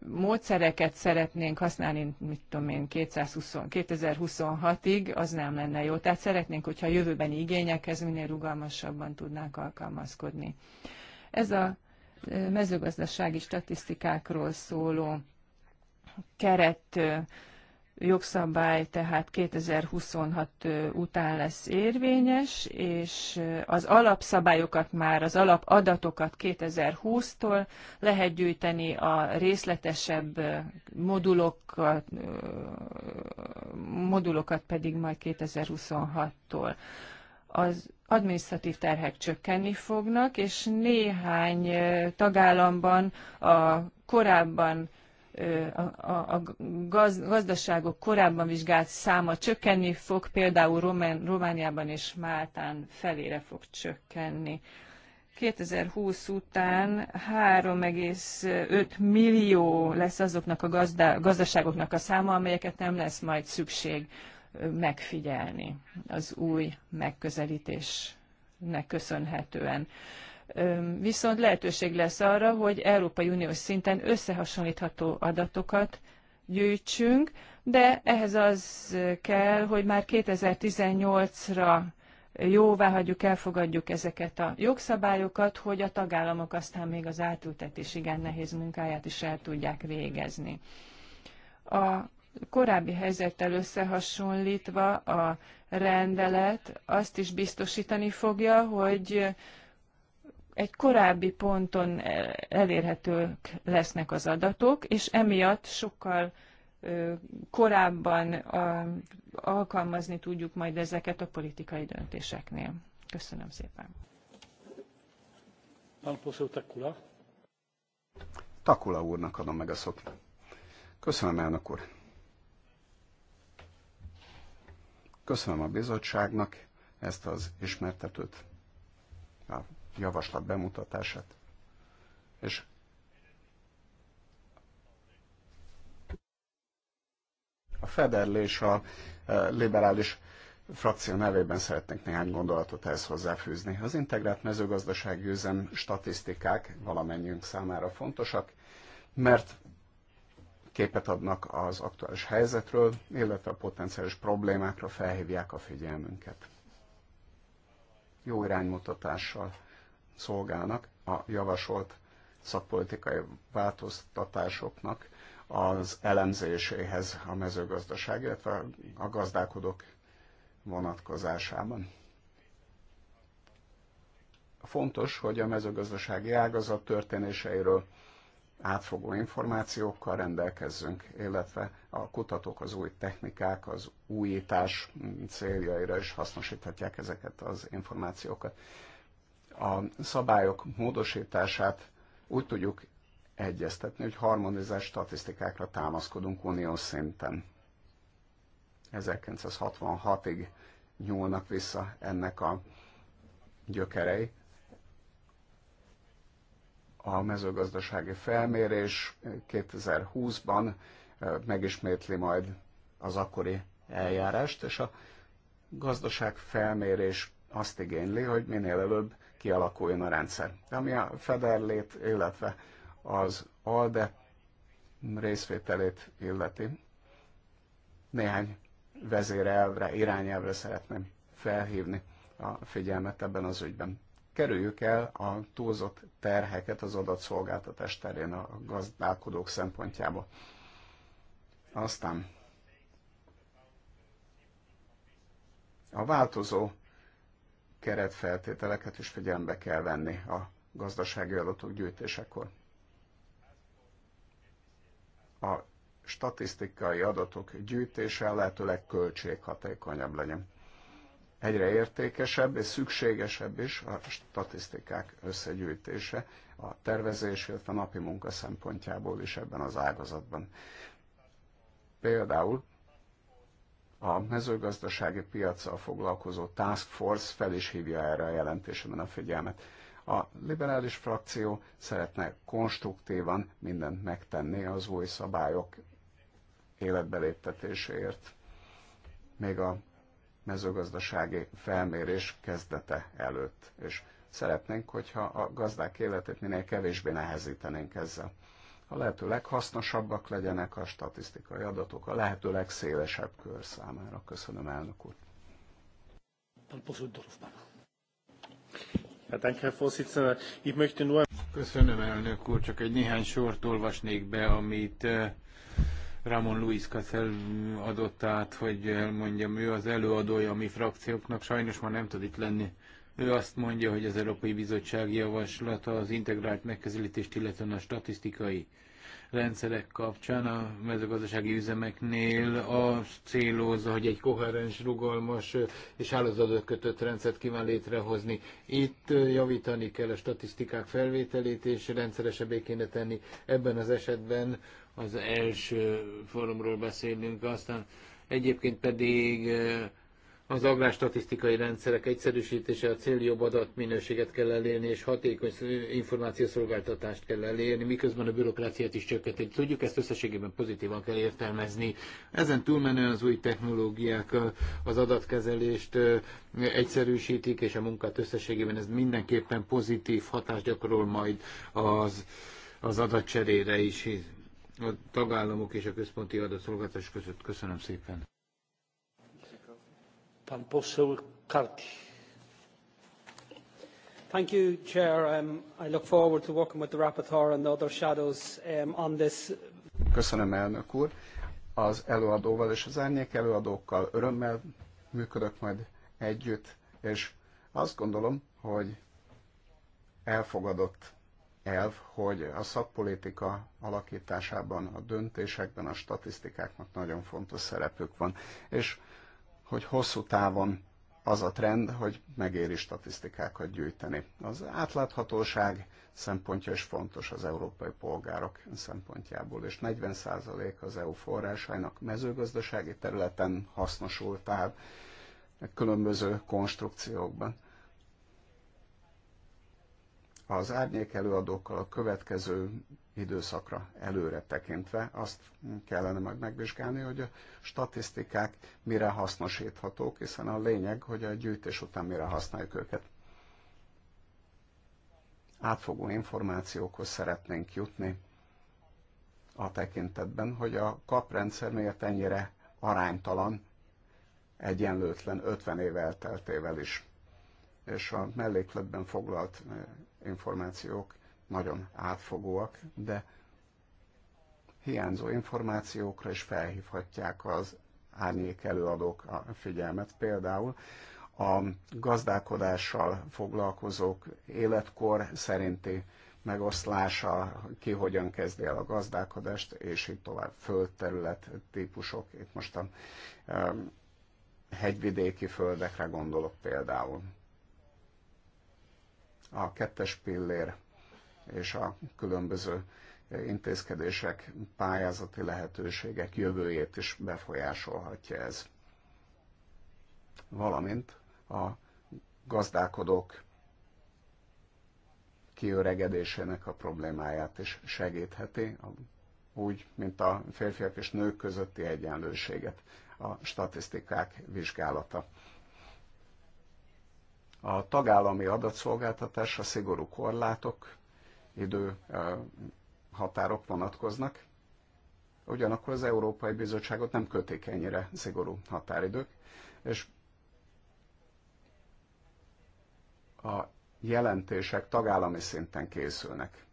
módszereket szeretnénk használni, mit tudom én, 2026-ig, az nem lenne jó. Tehát szeretnénk, hogyha a jövőbeni igényekhez minél rugalmasabban tudnánk alkalmazkodni. Ez a mezőgazdasági statisztikákról szóló keret jogszabály tehát 2026 után lesz érvényes, és az alapszabályokat már, az alapadatokat 2020-tól lehet gyűjteni a részletesebb modulokat, modulokat pedig majd 2026-tól. Az adminisztratív terhek csökkenni fognak, és néhány tagállamban a korábban a, a gaz, gazdaságok korábban vizsgált száma csökkenni fog, például Román, Romániában és Máltán felére fog csökkenni. 2020 után 3,5 millió lesz azoknak a gazda, gazdaságoknak a száma, amelyeket nem lesz majd szükség megfigyelni az új megközelítésnek köszönhetően viszont lehetőség lesz arra, hogy Európai Uniós szinten összehasonlítható adatokat gyűjtsünk, de ehhez az kell, hogy már 2018-ra jóvá hagyjuk, elfogadjuk ezeket a jogszabályokat, hogy a tagállamok aztán még az átültetés igen nehéz munkáját is el tudják végezni. A korábbi helyzettel összehasonlítva a rendelet azt is biztosítani fogja, hogy egy korábbi ponton e, elérhetők lesznek az adatok, és emiatt sokkal korábban alkalmazni tudjuk majd ezeket a politikai döntéseknél. Köszönöm szépen. Takula. Takula úrnak adom meg a szót. Köszönöm, elnök úr. Köszönöm a bizottságnak ezt az ismertetőt a javaslat bemutatását. És a Federl és a e, liberális frakció nevében szeretnék néhány gondolatot ehhez hozzáfűzni. Az integrált mezőgazdasági üzem statisztikák valamennyiünk számára fontosak, mert képet adnak az aktuális helyzetről, illetve a potenciális problémákra felhívják a figyelmünket. Jó iránymutatással szolgálnak a javasolt szakpolitikai változtatásoknak az elemzéséhez a mezőgazdaság, illetve a gazdálkodók vonatkozásában. Fontos, hogy a mezőgazdasági ágazat történéseiről átfogó információkkal rendelkezzünk, illetve a kutatók az új technikák, az újítás céljaira is hasznosíthatják ezeket az információkat a szabályok módosítását úgy tudjuk egyeztetni, hogy harmonizált statisztikákra támaszkodunk uniós szinten. 1966-ig nyúlnak vissza ennek a gyökerei. A mezőgazdasági felmérés 2020-ban megismétli majd az akkori eljárást, és a gazdaság felmérés azt igényli, hogy minél előbb kialakuljon a rendszer. Ami a Federlét, illetve az ALDE részvételét illeti, néhány vezérelvre, irányelvre szeretném felhívni a figyelmet ebben az ügyben. Kerüljük el a túlzott terheket az adatszolgáltatás terén a gazdálkodók szempontjából. Aztán a változó keretfeltételeket is figyelembe kell venni a gazdasági adatok gyűjtésekor. A statisztikai adatok gyűjtése lehetőleg költséghatékonyabb legyen. Egyre értékesebb és szükségesebb is a statisztikák összegyűjtése a tervezés, illetve a napi munka szempontjából is ebben az ágazatban. Például a mezőgazdasági piacsal foglalkozó Task Force fel is hívja erre a jelentésemben a figyelmet. A liberális frakció szeretne konstruktívan mindent megtenni az új szabályok életbeléptetéséért. Még a mezőgazdasági felmérés kezdete előtt, és szeretnénk, hogyha a gazdák életét minél kevésbé nehezítenénk ezzel a lehető leghasznosabbak legyenek a statisztikai adatok a lehető legszélesebb kör számára. Köszönöm, elnök úr. Köszönöm, elnök úr. Csak egy néhány sort olvasnék be, amit eh, Ramon Luis Cassel adott át, hogy elmondjam, ő az előadója a mi frakcióknak, sajnos már nem tud itt lenni. Ő azt mondja, hogy az Európai Bizottság javaslata az integrált megközelítést, illetően a statisztikai rendszerek kapcsán a mezőgazdasági üzemeknél azt célozza, hogy egy koherens, rugalmas és hálózatot kötött rendszert kíván létrehozni. Itt javítani kell a statisztikák felvételét, és rendszeresebbé kéne tenni. Ebben az esetben az első forumról beszélünk, aztán egyébként pedig az agrárstatisztikai rendszerek egyszerűsítése a cél jobb adatminőséget kell elérni, és hatékony információszolgáltatást kell elérni, miközben a bürokráciát is csökkenteni. Tudjuk ezt összességében pozitívan kell értelmezni. Ezen túlmenően az új technológiák az adatkezelést egyszerűsítik, és a munkát összességében ez mindenképpen pozitív hatást gyakorol majd az, az adatcserére is a tagállamok és a központi adatszolgáltatás között. Köszönöm szépen. Pan poseł Karti. Thank you, Chair. Um, I look forward to working with the Rapporteur and the other shadows um, on this. Köszönöm, elnök úr. Az előadóval és az árnyék előadókkal örömmel működök majd együtt, és azt gondolom, hogy elfogadott elv, hogy a szakpolitika alakításában, a döntésekben, a statisztikáknak nagyon fontos szerepük van. És hogy hosszú távon az a trend, hogy megéri statisztikákat gyűjteni. Az átláthatóság szempontja is fontos az európai polgárok szempontjából, és 40% az EU forrásainak mezőgazdasági területen hasznosult, tehát különböző konstrukciókban az árnyék előadókkal a következő időszakra előre tekintve azt kellene meg megvizsgálni, hogy a statisztikák mire hasznosíthatók, hiszen a lényeg, hogy a gyűjtés után mire használjuk őket. Átfogó információkhoz szeretnénk jutni a tekintetben, hogy a kaprendszer miért ennyire aránytalan, egyenlőtlen 50 év elteltével is és a mellékletben foglalt eh, információk nagyon átfogóak, de hiányzó információkra is felhívhatják az árnyék előadók a figyelmet. Például a gazdálkodással foglalkozók életkor szerinti megoszlása, ki hogyan kezdi el a gazdálkodást, és így tovább földterület típusok. Itt most a eh, hegyvidéki földekre gondolok például a kettes pillér és a különböző intézkedések, pályázati lehetőségek jövőjét is befolyásolhatja ez. Valamint a gazdálkodók kiöregedésének a problémáját is segítheti, úgy, mint a férfiak és nők közötti egyenlőséget a statisztikák vizsgálata. A tagállami adatszolgáltatásra szigorú korlátok, idő határok vonatkoznak, ugyanakkor az Európai Bizottságot nem kötik ennyire szigorú határidők, és a jelentések tagállami szinten készülnek.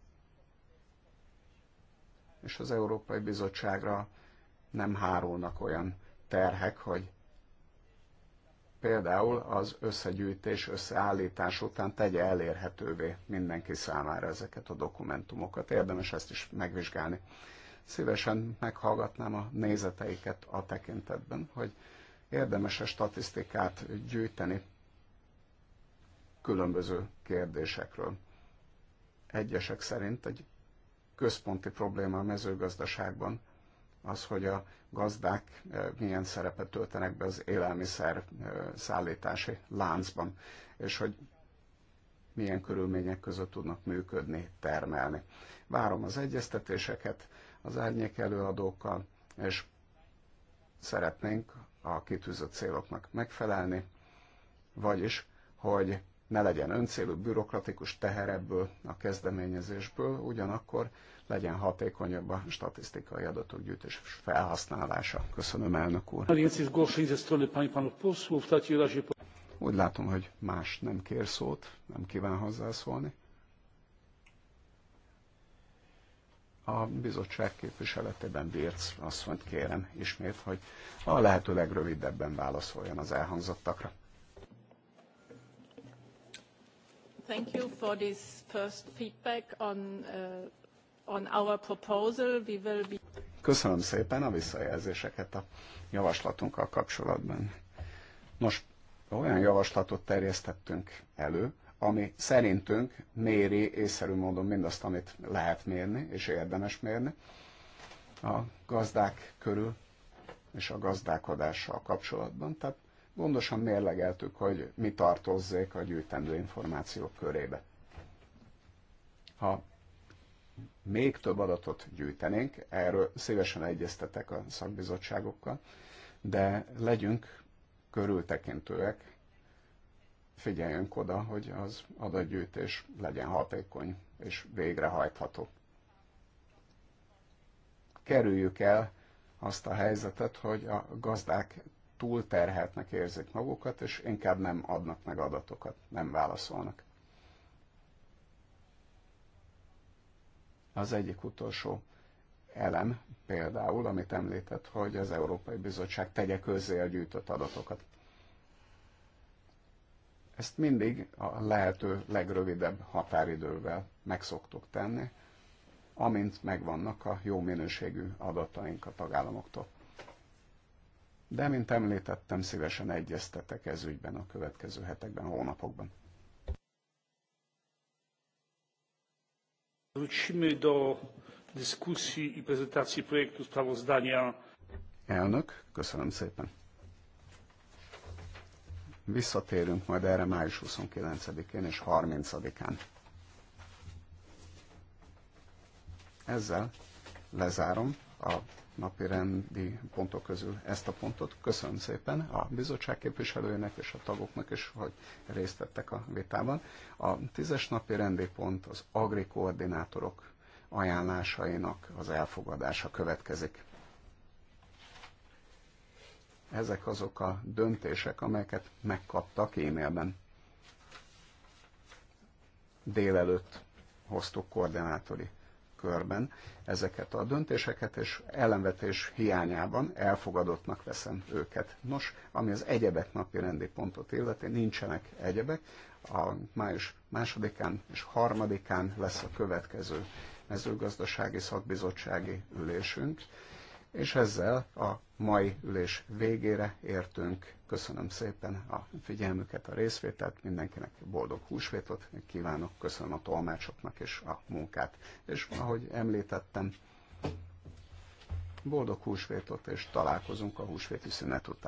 És az Európai Bizottságra nem hárulnak olyan terhek, hogy például az összegyűjtés, összeállítás után tegye elérhetővé mindenki számára ezeket a dokumentumokat. Érdemes ezt is megvizsgálni. Szívesen meghallgatnám a nézeteiket a tekintetben, hogy érdemes-e statisztikát gyűjteni különböző kérdésekről. Egyesek szerint egy központi probléma a mezőgazdaságban az, hogy a gazdák eh, milyen szerepet töltenek be az élelmiszer eh, szállítási láncban, és hogy milyen körülmények között tudnak működni, termelni. Várom az egyeztetéseket az árnyék előadókkal, és szeretnénk a kitűzött céloknak megfelelni, vagyis, hogy ne legyen öncélú bürokratikus teher ebből a kezdeményezésből, ugyanakkor legyen hatékonyabb a statisztikai adatok gyűjtés felhasználása. Köszönöm, elnök úr. Úgy látom, hogy más nem kér szót, nem kíván hozzászólni. a bizottság képviseletében Bérc asszonyt kérem ismét, hogy a lehető legrövidebben válaszoljon az elhangzottakra. Thank you for this first feedback on uh, on our proposal, we will be... Köszönöm szépen a visszajelzéseket a javaslatunkkal kapcsolatban. Nos, olyan javaslatot terjesztettünk elő, ami szerintünk méri észszerű módon mindazt, amit lehet mérni és érdemes mérni a gazdák körül és a gazdálkodással kapcsolatban. Tehát gondosan mérlegeltük, hogy mi tartozzék a gyűjtendő információk körébe. Ha még több adatot gyűjtenénk, erről szívesen egyeztetek a szakbizottságokkal, de legyünk körültekintőek, figyeljünk oda, hogy az adatgyűjtés legyen hatékony és végrehajtható. Kerüljük el azt a helyzetet, hogy a gazdák túlterhetnek érzik magukat, és inkább nem adnak meg adatokat, nem válaszolnak. Az egyik utolsó elem például, amit említett, hogy az Európai Bizottság tegye közzé a gyűjtött adatokat. Ezt mindig a lehető legrövidebb határidővel szoktuk tenni, amint megvannak a jó minőségű adataink a tagállamoktól. De, mint említettem, szívesen egyeztetek ez ügyben a következő hetekben, hónapokban. Wrócimy do dyskusji i prezentacji projektu sprawozdania. Elnök, köszönöm szépen. Visszatérünk majd erre május 29-én és 30-án. Ezzel lezárom a napi rendi pontok közül ezt a pontot. Köszönöm szépen a bizottság képviselőjének és a tagoknak is, hogy részt vettek a vitában. A tízes napi rendi pont az agrikoordinátorok ajánlásainak az elfogadása következik. Ezek azok a döntések, amelyeket megkaptak e-mailben. Délelőtt hoztuk koordinátori körben ezeket a döntéseket, és ellenvetés hiányában elfogadottnak veszem őket. Nos, ami az egyebek napi rendi pontot illeti, nincsenek egyebek. A május másodikán és harmadikán lesz a következő mezőgazdasági szakbizottsági ülésünk. És ezzel a mai ülés végére értünk. Köszönöm szépen a figyelmüket, a részvételt, mindenkinek boldog húsvétot kívánok, köszönöm a tolmácsoknak és a munkát. És ahogy említettem, boldog húsvétot, és találkozunk a húsvéti szünet után.